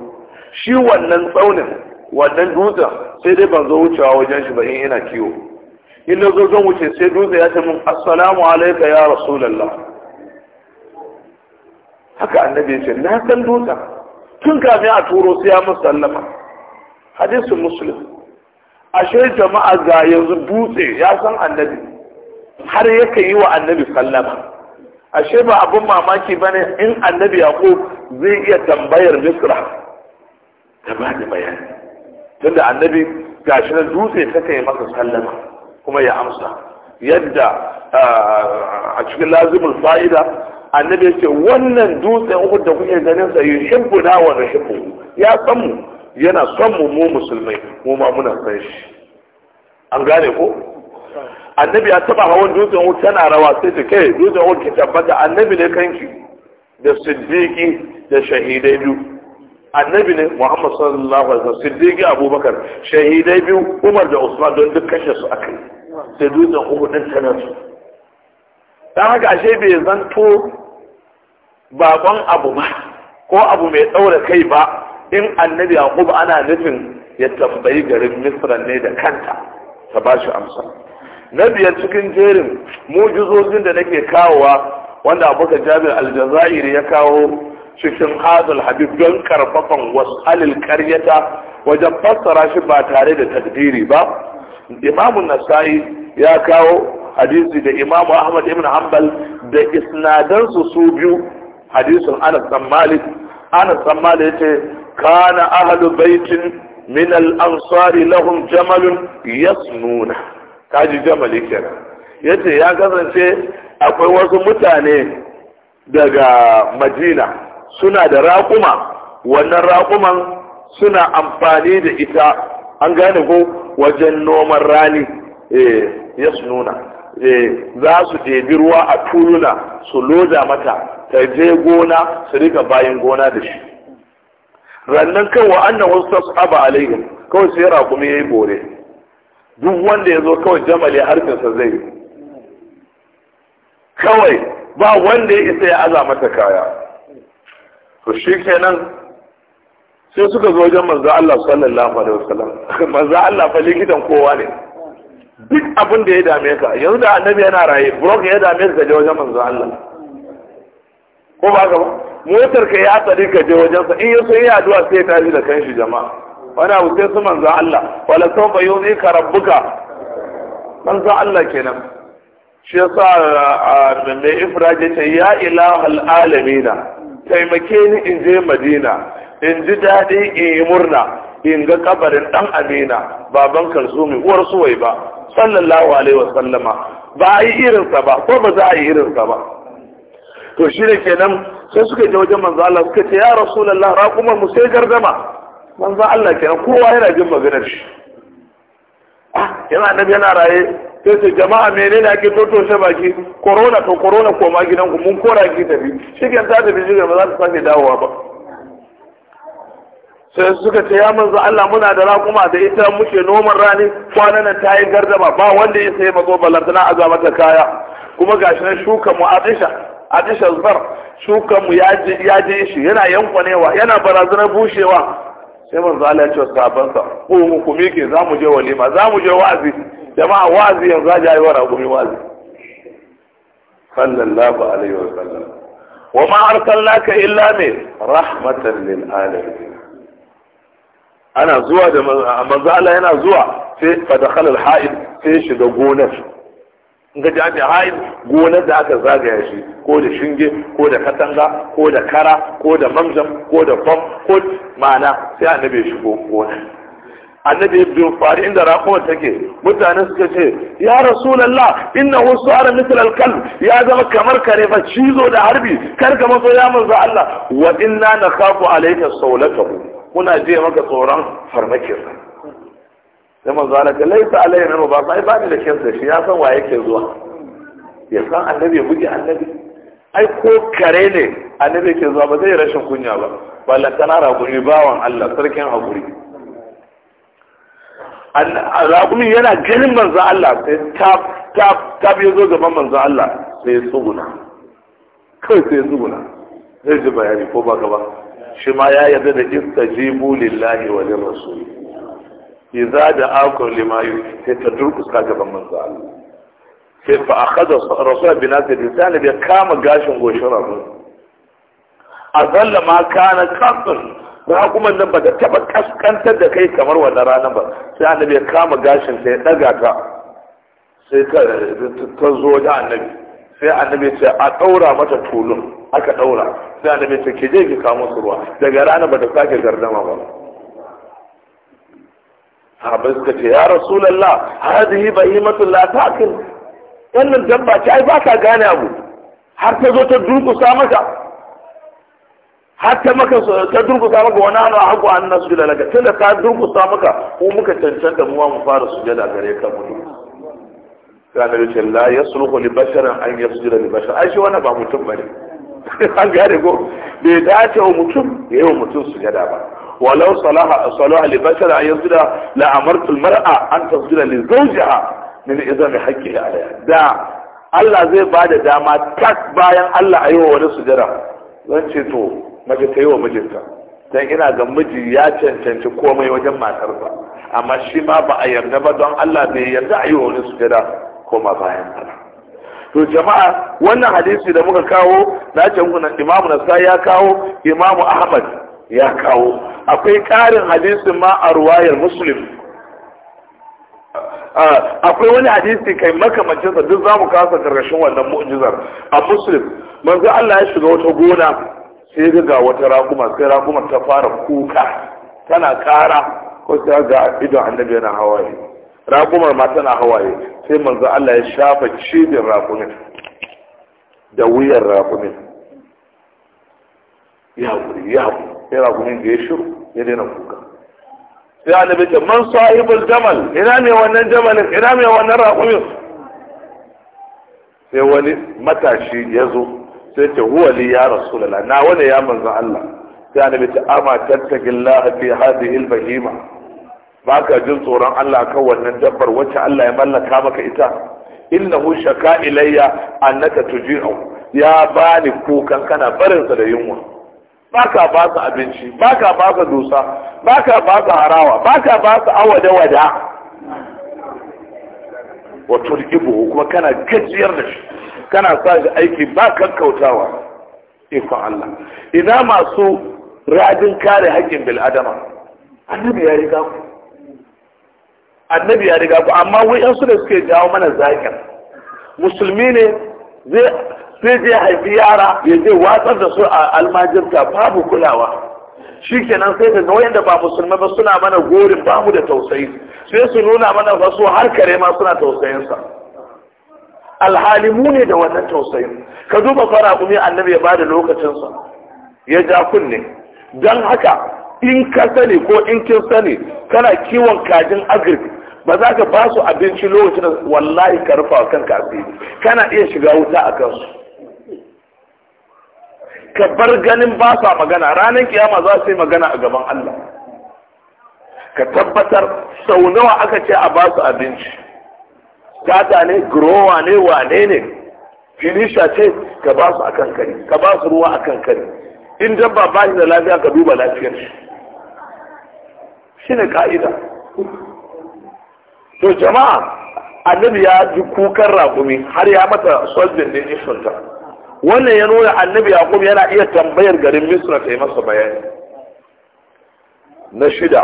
shi wannan tsaunin wannan dutsen sai dai ban zo wucewa wajen shi ba in ina kiwo in na zo zan wuce sai dutsen ya ce min assalamu alaika ya rasulallah haka annabi ya ce na san dutsen tun kafin a turo sai ya sallama hadisin muslim ashe jama'a ga yanzu dutse ya san annabi har yake yi wa annabi sallama ashe ba abin mamaki bane in annabi yaqub zai iya tambayar misra ta ba da bayani tunda annabi gashi nan dutse ta kai masa sallama kuma ya amsa yadda a cikin lazimul fa'ida annabi yake wannan dutsen uku da kuke ganin sa yuhibbu na wa nuhibbu ya san mu yana son mu mu musulmai mu ma muna san shi an gane ko annabi ya taba hawan dutse uku tana rawa sai ta kai dutsen uku ki tabbata annabi ne kanki da siddiqi da shahidai biyu annabi ne muhammad sallallahu alaihi wasallam siddiqi abubakar shahidai biyu umar da usman don duk kashe su akai sai dutsen uku din tana su dan haka ashe bai zanto bakon abu ba ko abu mai daura kai ba in annabi yaqub ana nufin ya tambayi garin misra ne da kanta ta ba shi amsa na biyar cikin jerin mujizozin da nake kawowa wanda abokan jami'ar aljazairi ya kawo cikin hadal hadis don karfafan wasalil karyata wajen fassara shi ba tare da takdiri ba imamu nasa'i ya kawo hadisi da imamu ahmad ibn hanbal da isnadansu su biyu hadisin anas dan malik anas dan malik yace kana ahlu baitin min al-ansari lahum jamalun yasnuna kaji jamali kenan yace ya kasance akwai wasu mutane daga madina suna da raƙuma wannan raƙuman suna amfani da ita an gane ko wajen noman rani eh, ya su nuna eh, za su ɗebi ruwa a tuluna su loda mata ta je gona su rika bayan gona da shi rannan kan annan wasu su aba alaihim kawai sai raƙumi ya yi bore duk wanda ya zo kawai jamale harfinsa zai yi kawai ba wanda ya isa ya aza mata kaya to shi kenan sai suka zo wajen manzo Allah sallallahu alaihi wasallam [laughs] manzo Allah fa likitan kowa ne duk abin da ya dame ka yanzu da annabi yana raye brok ya dame ka je wajen manzo Allah ko ba ka motar ka ya tsari ka je wajen sa in ya so ya addu'a sai ya tafi da kanshi jama'a wani abu sai su manzo Allah wala sawfa yuzika rabbuka manzo Allah kenan shi yasa ah, ah, mai ifraje ce ya ilahul alamina taimake ni in je madina in ji daɗi in yi murna in ga kabarin ɗan amina baban kalsumi uwar suwai ba sallallahu alaihi wa sallama ba a yi irinsa ba ko ba za a yi irinsa ba to shi ne kenan sai suka je wajen manzo Allah suka ce ya rasulullah kuma mu sai gardama manzo Allah kenan kowa yana jin maganar shi ah yana annabi yana raye sai su jama'a menene ake toto shi baki corona to corona ko ma gidan ku mun kora ki tafi shigen ta tafi shigen ba za ta sake dawowa ba sai suka ce ya manzo Allah muna da raƙuma da ita muke noman rani kwanan nan ta yi gardama ba wanda ya sai mazo ballar tana azama ta kaya kuma gashi nan shukan mu adisha adisha zubar shukan mu ya je shi yana yankwanewa yana barazanar bushewa sai manzo Allah ya ce sabansa ko mu ku mike za mu je walima za mu je wa'azi jama'a wazi yanzu a jayi wara gumi mai wazi sallallahu alaihi wa sallam wa ma ka illa min rahmatan lil alamin ana zuwa da manzo Allah yana zuwa sai fa dakhala al ha'id sai shiga gonar ga jami hain gonar da aka zagaya shi ko da shinge ko da katanga ko da kara ko da mamzam ko da fom, ko ma'ana sai annabi shigo gonar annabi bin fari inda raƙuma take mutane suka ce ya rasulallah inna wasu ara mithl alqalb ya zama kamar kare fa cizo da harbi kar ka maso ya manzo Allah wa inna nakhafu alayka sawlatahu kuna je maka tsoron farmakin sa sai manzo Allah ka laisa alayna ba sai ba ni da kensa shi ya san waye yake zuwa ya san annabi ya buge annabi ai ko kare ne annabi ke zuwa ba zai rashin kunya ba ba lantana raguri bawan Allah sarkin hakuri raƙumin yana ganin manzo Allah sai ta biyo zo gaban manzo Allah sai tsuguna kai sai tsuguna zai ji bayani ko ba gaba shi ma ya yarda da istajibu lillahi wa lirrasul idza da'akum lima sai ta durkusa gaban manzo Allah sai fa akhadha rasul bin azid lisan bi kama gashin goshin A azalla ma kana qasr kuma nan ba da taɓa kaskantar da kai kamar wannan ranar ba sai annabi ya kama gashin sai ya ɗaga ta sai ta zo da annabi sai annabi ya ce a ɗaura mata tulun aka ɗaura sai annabi ya ce ki ki kawo musu ruwa daga rana ba ta sake gardama ba sahabai suka ce ya rasulallah hadhihi bahimatul la taqil wannan dabba ce ai ba ka gane abu har ta zo ta durƙusa maka har ta maka ta durkusa maka wani hannu a hagu an na sujada laka tunda ta durkusa maka ko muka cancanta muwa mu fara sujada gare ka mu ya nabi ce la yasluhu li basharan an yasjuda li bashar ai shi wannan ba mutum bane [laughs] an ne ko bai dace wa mutum ya yi wa mutum sujada ba walau salaha salaha li bashar an yasjuda la amartu al mar'a an tasjuda li zawjiha min izami haqqiha alayha da Allah zai bada dama tak bayan Allah ayi wa wani sujada zan ce to mace ta yi wa mijinta don ina ga miji ya cancanci komai wajen matarsa amma shi ma ba a yarda ba don Allah bai yarda a yi wa wani sujada koma bayan ba. to jama'a wannan hadisi da muka kawo na can kuna imamu nasai ya kawo imamu ahmad ya kawo akwai karin hadisin ma a ruwayar muslim akwai wani hadisi kai makamancinsa duk za mu kasa karkashin wannan mu'jizar a muslim manzo Allah ya shiga wata gona sai ga ga wata raƙuma sai raƙumar ta fara kuka tana kara ko sai ga idon annabi yana hawaye raƙumar ma tana hawaye sai manzo Allah ya shafa cibin raƙumin da wuyar raƙumin ya wuri ya sai raƙumin da ya shiru ya daina kuka sai annabi ce man sahibul jamal ina ne wannan jamalin ina ne wannan raƙumin sai wani matashi ya zo sai ce huwa li ya rasulullah na wani ya manzo Allah sai annabi ce ama tattaqillaha fi hadhihi al-bahima baka jin tsoron Allah kan wannan dabbar wacce Allah ya mallaka maka ita innahu shaka ilayya annaka tuji'u ya bani kukan kana barinsa da yunwa baka ba su abinci baka ba su dusa baka ba su harawa baka ba su awada wada wa turgibu kuma kana gajiyar da shi kana sa ga aiki ba kankautawa ikon Allah ina masu rajin kare haƙƙin bil'adama annabi ya riga ku annabi ya riga ku amma wai yan su da suke jawo mana zakin musulmi ne zai je haifi yara ya je watsar da su a almajirta babu kulawa Shi kenan sai ga wayanda ba musulmi ba suna mana gorin bamu da tausayi sai su nuna mana wasu har kare ma suna tausayinsa alhalimu ne da wannan tausayin ka duba fara kuma annabi ya bada lokacinsa ya ja kunne don haka in ka sani ko in kin sani kana kiwon kajin agric ba za ka ba su abinci lokacin da wallahi ka rufa kan asiri kana iya shiga wuta a kansu ka bar ganin ba sa magana ranar kiyama za su yi magana a gaban Allah ka tabbatar sau nawa aka ce a basu abinci tata ne growa ne wane ne finisha ce ka ba su akan kari ka ba su ruwa akan kari in dabba ba shi da lafiya ka duba lafiyar shi shine ka'ida to jama'a annabi ya ji kukan raƙumi har ya mata soldin ne ishinta wannan ya nuna annabi yaƙub yana iya tambayar garin misra ta yi masa bayani na shida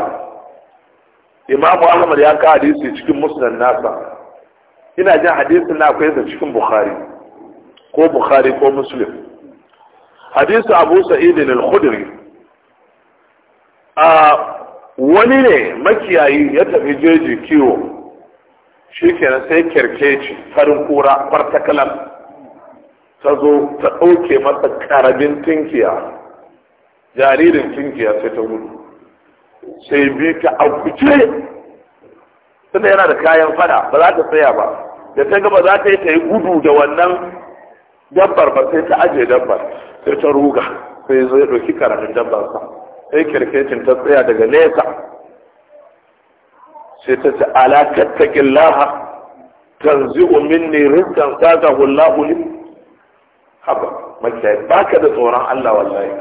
imamu ahmad ya ka hadisi cikin musulun nasa ina jin hadisin na akwai da cikin bukhari ko bukhari ko muslim hadisu abu sa'idin al-khudri a wani ne makiyayi ya tafi jeji kiwo shi kenan sai kerkeci farin kura fartakalar ta zo ta ɗauke masa karabin tinkiya jaririn tinkiya sai ta gudu sai bi ta a tunda yana da kayan fada ba za ta tsaya ba da ta gaba za ta yi ta yi gudu da wannan dabbar ba sai ta ajiye dabbar sai ta ruga sai zai ɗauki karamin dabbar sa sai kirkecin ta tsaya daga nesa sai ta ce ala tattakin zi umin ne rizqan saqahu hula huli haba makiyayi ka da tsoron Allah wallahi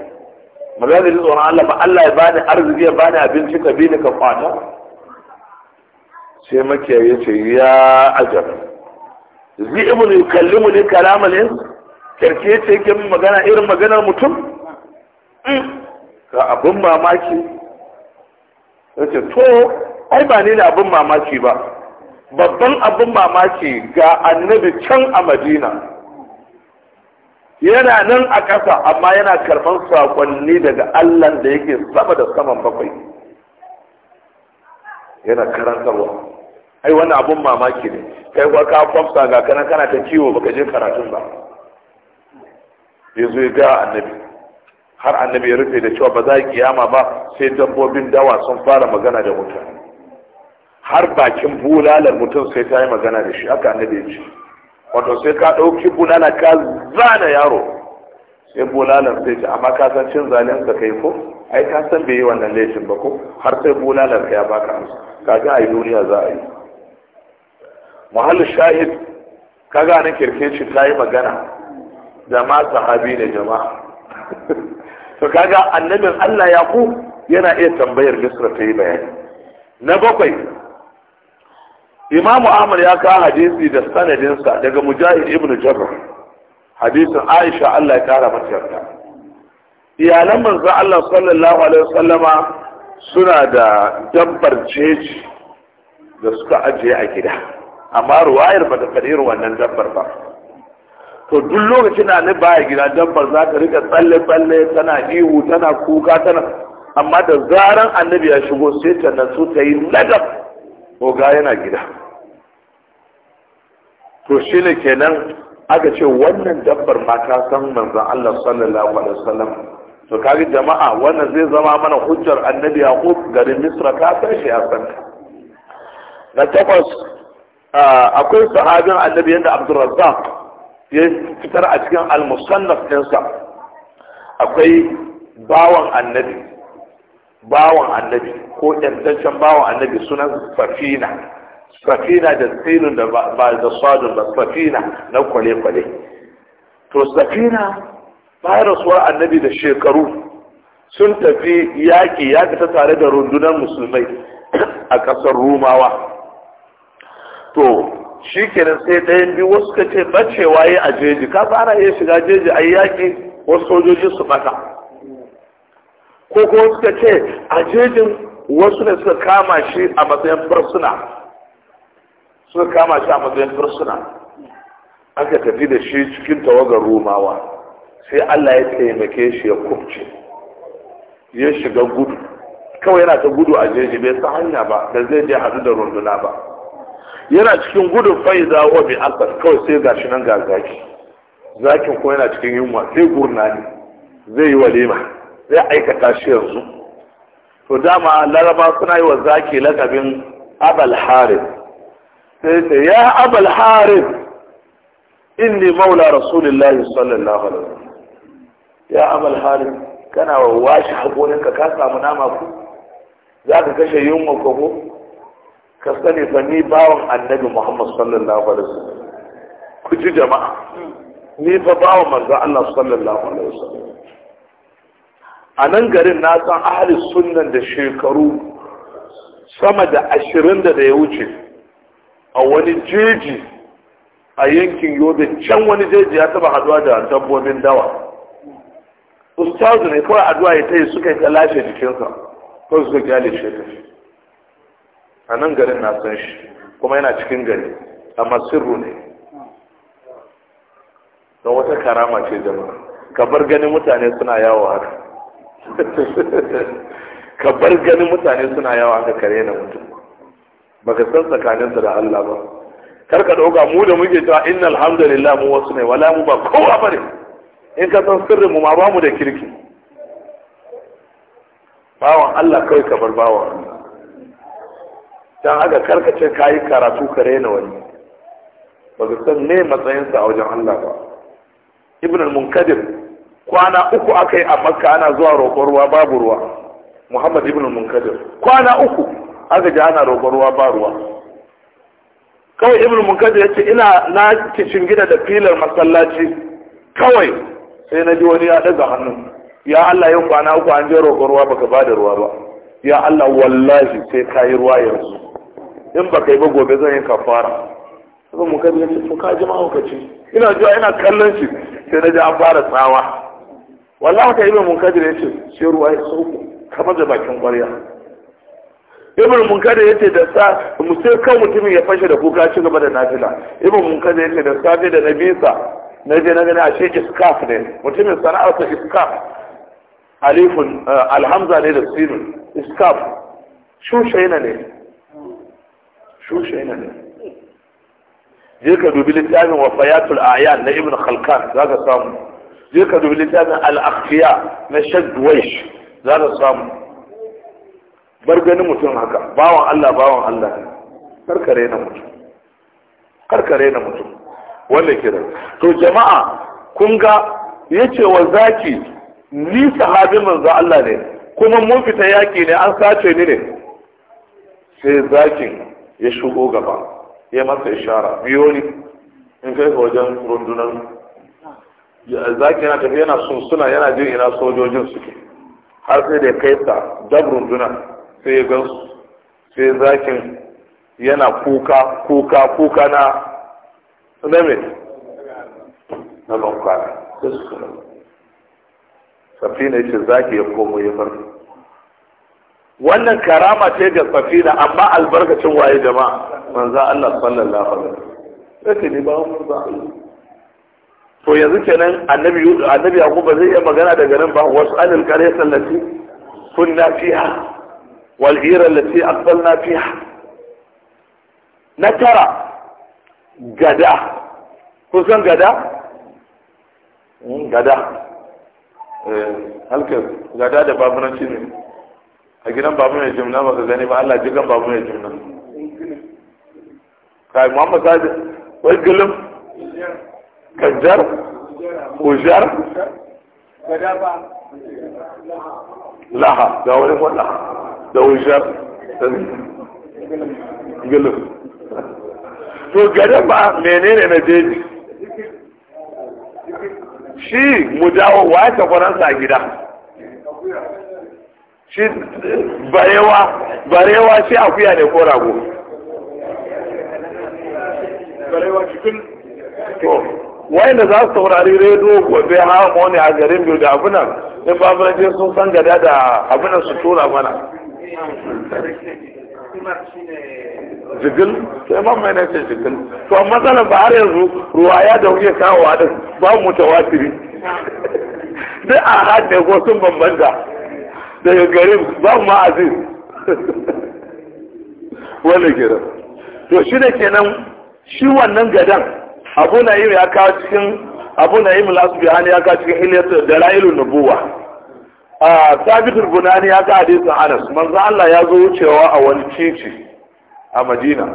maza da tsoron Allah ba Allah ya bani arziki ya bani abinci ka bi ni ka kwata sai makiyayi ya ce ya ajab zi'ibun kallimu ne, kalamu ne. karke ce yake magana irin maganar mutum ka mm. abin mamaki yace to ai ba ni da abin mamaki ba babban abin mamaki ga annabi can a madina yana nan a ƙasa amma yana karɓar saƙonni daga allah da yake sama da saman bakwai yana karantarwa ai wani abun mamaki ne kai kuwa ka kwamsa ga kana kana ta kiwo baka je karatun ba ya zo ya gaya annabi har annabi ya rufe da cewa ba za a kiyama ba sai dabbobin dawa sun fara magana da mutum har bakin bulalar mutum sai ta yi magana da shi haka annabi ya ce wato sai ka ɗauki bulala ka zana yaro sai bulalar sai ce amma ka san cin zalin ka kai ko ai ka san bai yi wannan laifin ba ko har sai bulalar ka ya baka amsa kaga a yi duniya za a yi muhallu shahid kaga nan kirkeci ta yi magana da ma sahabi ne jama'a [laughs] to kaga annabin Allah ya ku yana iya tambayar Misra ta yi bayani na bakwai Imam Ahmad ya kawo hadisi da sanadinsa daga Mujahid ibn Jabr hadisin Aisha Allah ya kara mata iyalan manzon Allah sallallahu alaihi wasallama suna da dabbar ceci da suka ajiye a gida amma ruwayar ba ta faɗi wannan dabbar ba to duk lokacin da ni baya gida dabbar za ta rika tsalle tsalle tana ihu tana kuka tana amma da zaran annabi ya shigo sai ta nasu ta yi ladab oga yana gida to shi ne kenan aka ce wannan dabbar ma ta san manzon Allah sallallahu alaihi wasallam to kaga jama'a wannan zai zama mana hujjar annabi yaqub garin misra ka san shi a san ta na takwas akwai sahabin annabi yadda abdurrazzaq ya fitar a cikin al-musannaf ɗinsa akwai bawan annabi bawan annabi ko yantaccen bawan annabi sunan safina safina da tsinin da ba da sadun ba safina na kwale-kwale to safina bayan rasuwar annabi da shekaru sun tafi yaƙi ya fita tare da rundunar musulmai a ƙasar rumawa to shi kenan sai ɗayan biyu wasu ka ce ɓacewa ya a jeji ka fara iya shiga jeji a yaƙi wasu sojoji su ɓata ko kuma wasu ka ce a jejin wasu ne suka kama shi a matsayin fursuna suka kama shi a matsayin fursuna aka tafi da shi cikin tawagar rumawa sai allah ya taimake shi ya kubce ya shiga gudu kawai yana ta gudu a jeji bai san hanya ba da zai je hadu da runduna ba yana cikin gudun faiza wa bi asar kawai sai gashi nan ga zaki zakin ko yana cikin yunwa sai gurna ne zai yi walima zai aikata shi yanzu to dama laraba suna yi wa zaki lakabin abal harib sai sai ya abal harib inni maula rasulullahi sallallahu alaihi wasallam ya abal harib kana wa washe hakorinka ka samu nama ku za ka kashe yunwa ko ka sani fa ni bawan annabi Muhammad sallallahu alaihi wasallam ku ji jama'a ni fa bawan manzo Allah sallallahu alaihi wasallam a nan garin na san ahli sunnan da shekaru sama da ashirin da ya wuce a wani jeji a yankin yobe can wani jeji ya taba haduwa da dabbobin dawa ustazu ne kawai haduwa ya ta yi suka yi ta lashe jikinsa kawai suka gyale shekaru a nan garin na san shi kuma yana cikin gari amma sirru ne don wata karama ce jama'a ka bar ganin mutane suna yawo haka [laughs] ka bar ganin mutane suna yawo haka kare na mutum Ba ka san tsakaninsa da Allah ba kar ka dauka mu da muke cewa innal hamdulillah mu wasu ne wala mu ba kowa ne. in ka san sirrin mu ma ba mu da kirki bawan Allah kai kabar bawan Allah dan aka karkace kai karatu ka rena wani ba ka san ne matsayinsa a wajen Allah ba ibn al-munkadir kwana uku akai a makka ana zuwa roƙon ruwa babu ruwa muhammad ibn al-munkadir kwana uku aga ji ana roƙon ruwa ba ruwa kawai ibn al-munkadir yace ina na kishin gida da filar masallaci kawai sai na ji wani ya daga hannu ya Allah yau kwana uku an je roƙon ruwa baka bada ruwa ba ya Allah wallahi sai kayi ruwa yanzu in ba yi ba gobe zan yi kafara sai mu kai yace to ka ji mahaukaci ina jiwa ina kallon shi sai na ji an fara tsawa wallahi ka ibn munkadir yace sai ruwa ya sauko kamar da bakin ƙwarya ibn munkadir yace da sa mu sai kan mutumin ya fashe da kuka ci gaba da nafila ibn munkadir yace da safe da nabisa na je na gani ashe iskaf ne mutumin sana'ar sana'arsa iskaf alifun eh, alhamza ne da sinin iskaf shushaina ne shushe ne je ka dubi littafin wafayatul ayan na ibn khalkan za ka samu je ka dubi littafin al-akhfiya na shadwaish za ka samu bar ganin mutum haka bawan Allah bawan Allah karkare na mutum karkare na mutum wanda da to jama'a kun ga yace wa zaki ni sahabin manzo Allah ne kuma mun fita yaki ne an sace ni ne sai zakin ya shigo gaba ya masa ishara biyo ni in kai ka wajen rundunar zaki yana tafi yana sunsuna yana jin ina sojojin suke har sai da kai sa dab runduna sai ya gansu sai zakin yana kuka kuka kuka na na me na bankwana sai su suna safi ne ce zaki ya komo ya farko wannan karama ce ga safina amma albarkacin waye jama'a manzo Allah sallallahu alaihi wasallam sai ne ba mu ba to yanzu kenan annabi annabi Yakub ba zai iya magana daga nan ba wasu alil qaryat sallati kunna fiha wal hira allati aqbalna fiha na tara gada kun san gada hmm, gada eh halka gada da baburanci ne a gidan babu mai jimna ba ka gani ba Allah jigan babu mai jimna kai Muhammad Sadi wai gulum kanjar ujar laha da wani ko laha da ujar gulum to gada ba menene na jeji shi mu dawo wa ta faransa gida shi barewa barewa shi akuya ne ko rago barewa cikin to wanda za su saurari rediyo gobe hamo ne a garin biyu da abunan in ba babaje sun san gada da abunan su tura mana jigil sai man mai nace jigil to matsalar ba har yanzu ruwa ya da wuya kawo din ba mu tawatiri duk a hadde ko sun bambanta daga garin ba mu ma'azin. wannan kenan to shi da kenan shi wannan gadan abu na yi ya kawo cikin abu na yi mulasu bihani ya kawo cikin iliyata da ra'ilu nubuwa a sabitul bunani ya kawo hadisin anas manzan Allah ya zo wucewa a wani cici a madina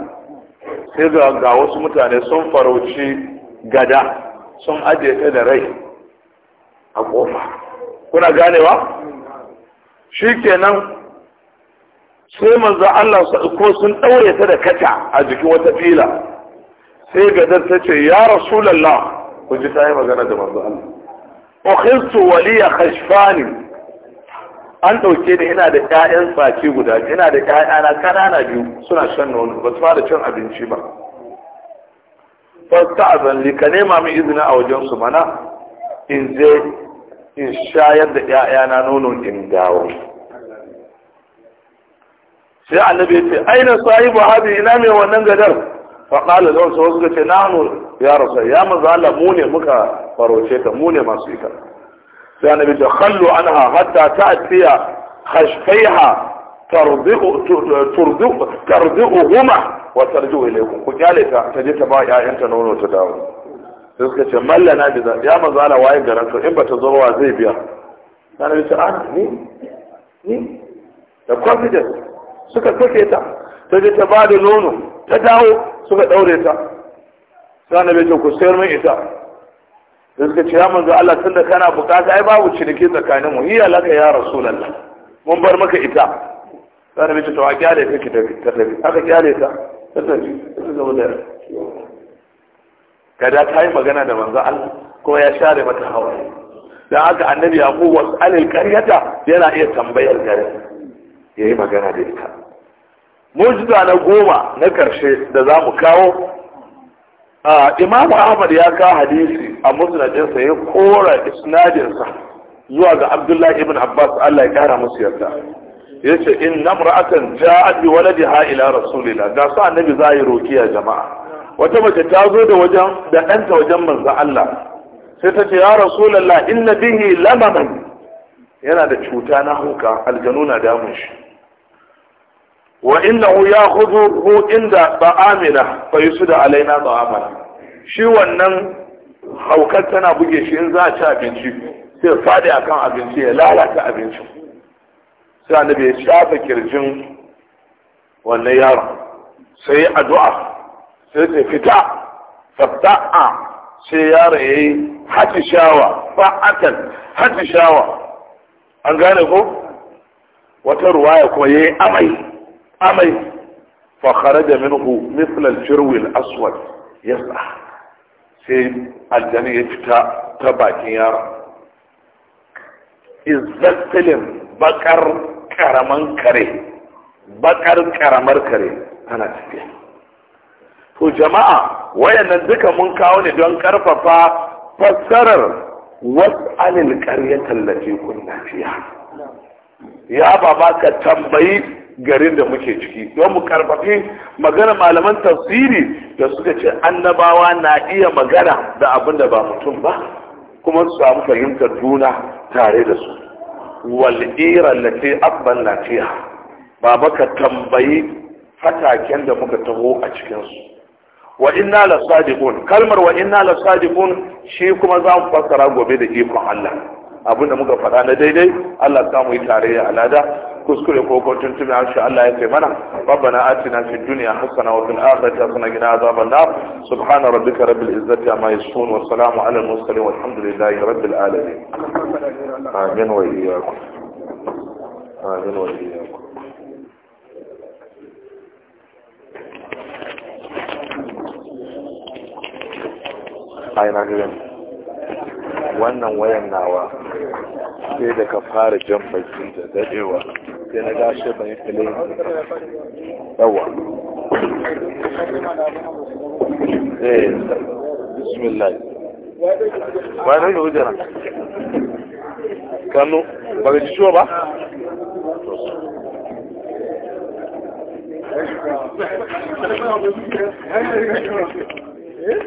sai ga ga wasu mutane sun farauci gada sun ajiye ta da rai a kofa kuna ganewa shi kenan sai manzo Allah ko sun ɗaure ta da kata a jikin wata fila sai gadar ta ce ya rasulallah ku ji ta yi magana da manzo Allah ukhiltu waliya khashfani an ɗauke ni ina da ƴaƴan tsaki guda ina da ƴaƴana kanana biyu suna shan nono ba su fara cin abinci ba fasta'azan li ka nema min izini a wajen su mana in je in shayar da ‘ya'yana nono in dawo sai annabi ce aina ba habi ina mai wannan gadar faɗaɗa da wasu wasu ce na hannu ya rasu ya mazala mu ne muka farauce ta mu ne masu ita sai annabi ce kallo an ha hatta ta atiya hashfaiha wa tarji'u ilaikum ku kyale ta ta je ta ba ‘ya'yanta nono ta dawo sai suka ce mallana na jiza ya maza Allah waye garan ka in bata zo wa zai biya sai na ce ana ah, ni ni da confidence suka kake ta ta je ta bada nono ta dawo suka daure ta sai na ce ku sayar min ita sai suka ce ya manzo Allah tunda kana bukata ai babu ciniki tsakanin mu hiya laka ya rasulullah mun bar maka ita sai na ce to a kyale ta ki ta tafi haka kyale ta ta tafi ta zama da kada ta yi magana da manzo Allah kuma ya share mata hawa. Da aka annabi yaqub was'alil qaryata yana iya tambayar gare yi magana da ita mujda na goma na karshe da za mu kawo imam ahmad ya ka hadisi a musnadinsa ya kora isnadinsa zuwa ga abdullahi ibn abbas allah ya kara musu yarda ya ce in namra'atan ja'at bi waladiha ila rasulillah da sa annabi zai rokiya jama'a wata mace ta zo da wajen da ɗanta wajen manzo Allah sai ta ce ya rasulullah inna bihi lamaman yana da cuta na huka aljanu na damun shi wa innahu ya'khudhu inda ba'amina fa yusda alaina ba'amana shi wannan haukar tana buge shi in za a ci abinci sai fadi akan abinci ya lalata abincin sai annabi ya shafa kirjin wannan yaron sai addu'a سيدي فتاة فتاة سيارة حتي شاوة فعتا حتي شاوة انقالي قو وترواية قوية امي امي فخرج منه مثل الجرو الاسود يسع سيد الجنية فتاة تبا كيارة الزسلم بكر كرمان كري بكر كرمان كري انا تبيه to jama'a wayannan duka mun kawo ne don karfafa fassarar was'alil qaryatal lati kunna fiha ya baba ka tambayi garin da muke ciki don mu karfafi magana malaman tafsiri da suka ce annabawa na iya magana da abin da ba mutum ba kuma su samu fahimtar juna tare da su wal ira lati abban latiha baba ka tambayi fataken da muka taho a cikinsu wa inna la sadiqun kalmar wa inna la sadiqun shi kuma za mu fassara gobe da ikon Allah abin da muka faɗa na daidai Allah mu yi tare tarayya alada kuskure ko ko tuntumi an Allah ya ce mana rabbana atina fid dunya hasana wa fil akhirati hasana qina adhaban nar subhana rabbika rabbil izzati amma yasifun wa salamu ala al mursalin walhamdulillahi rabbil alamin amin wa iyyakum amin wa iyyakum ai na gani wannan wayan nawa sai da ka fara jan bakin da dadewa sai na gashi ban yi kule yawa eh bismillah ba da jira. kanu ba ga ciwo ba Thank [laughs] you. eh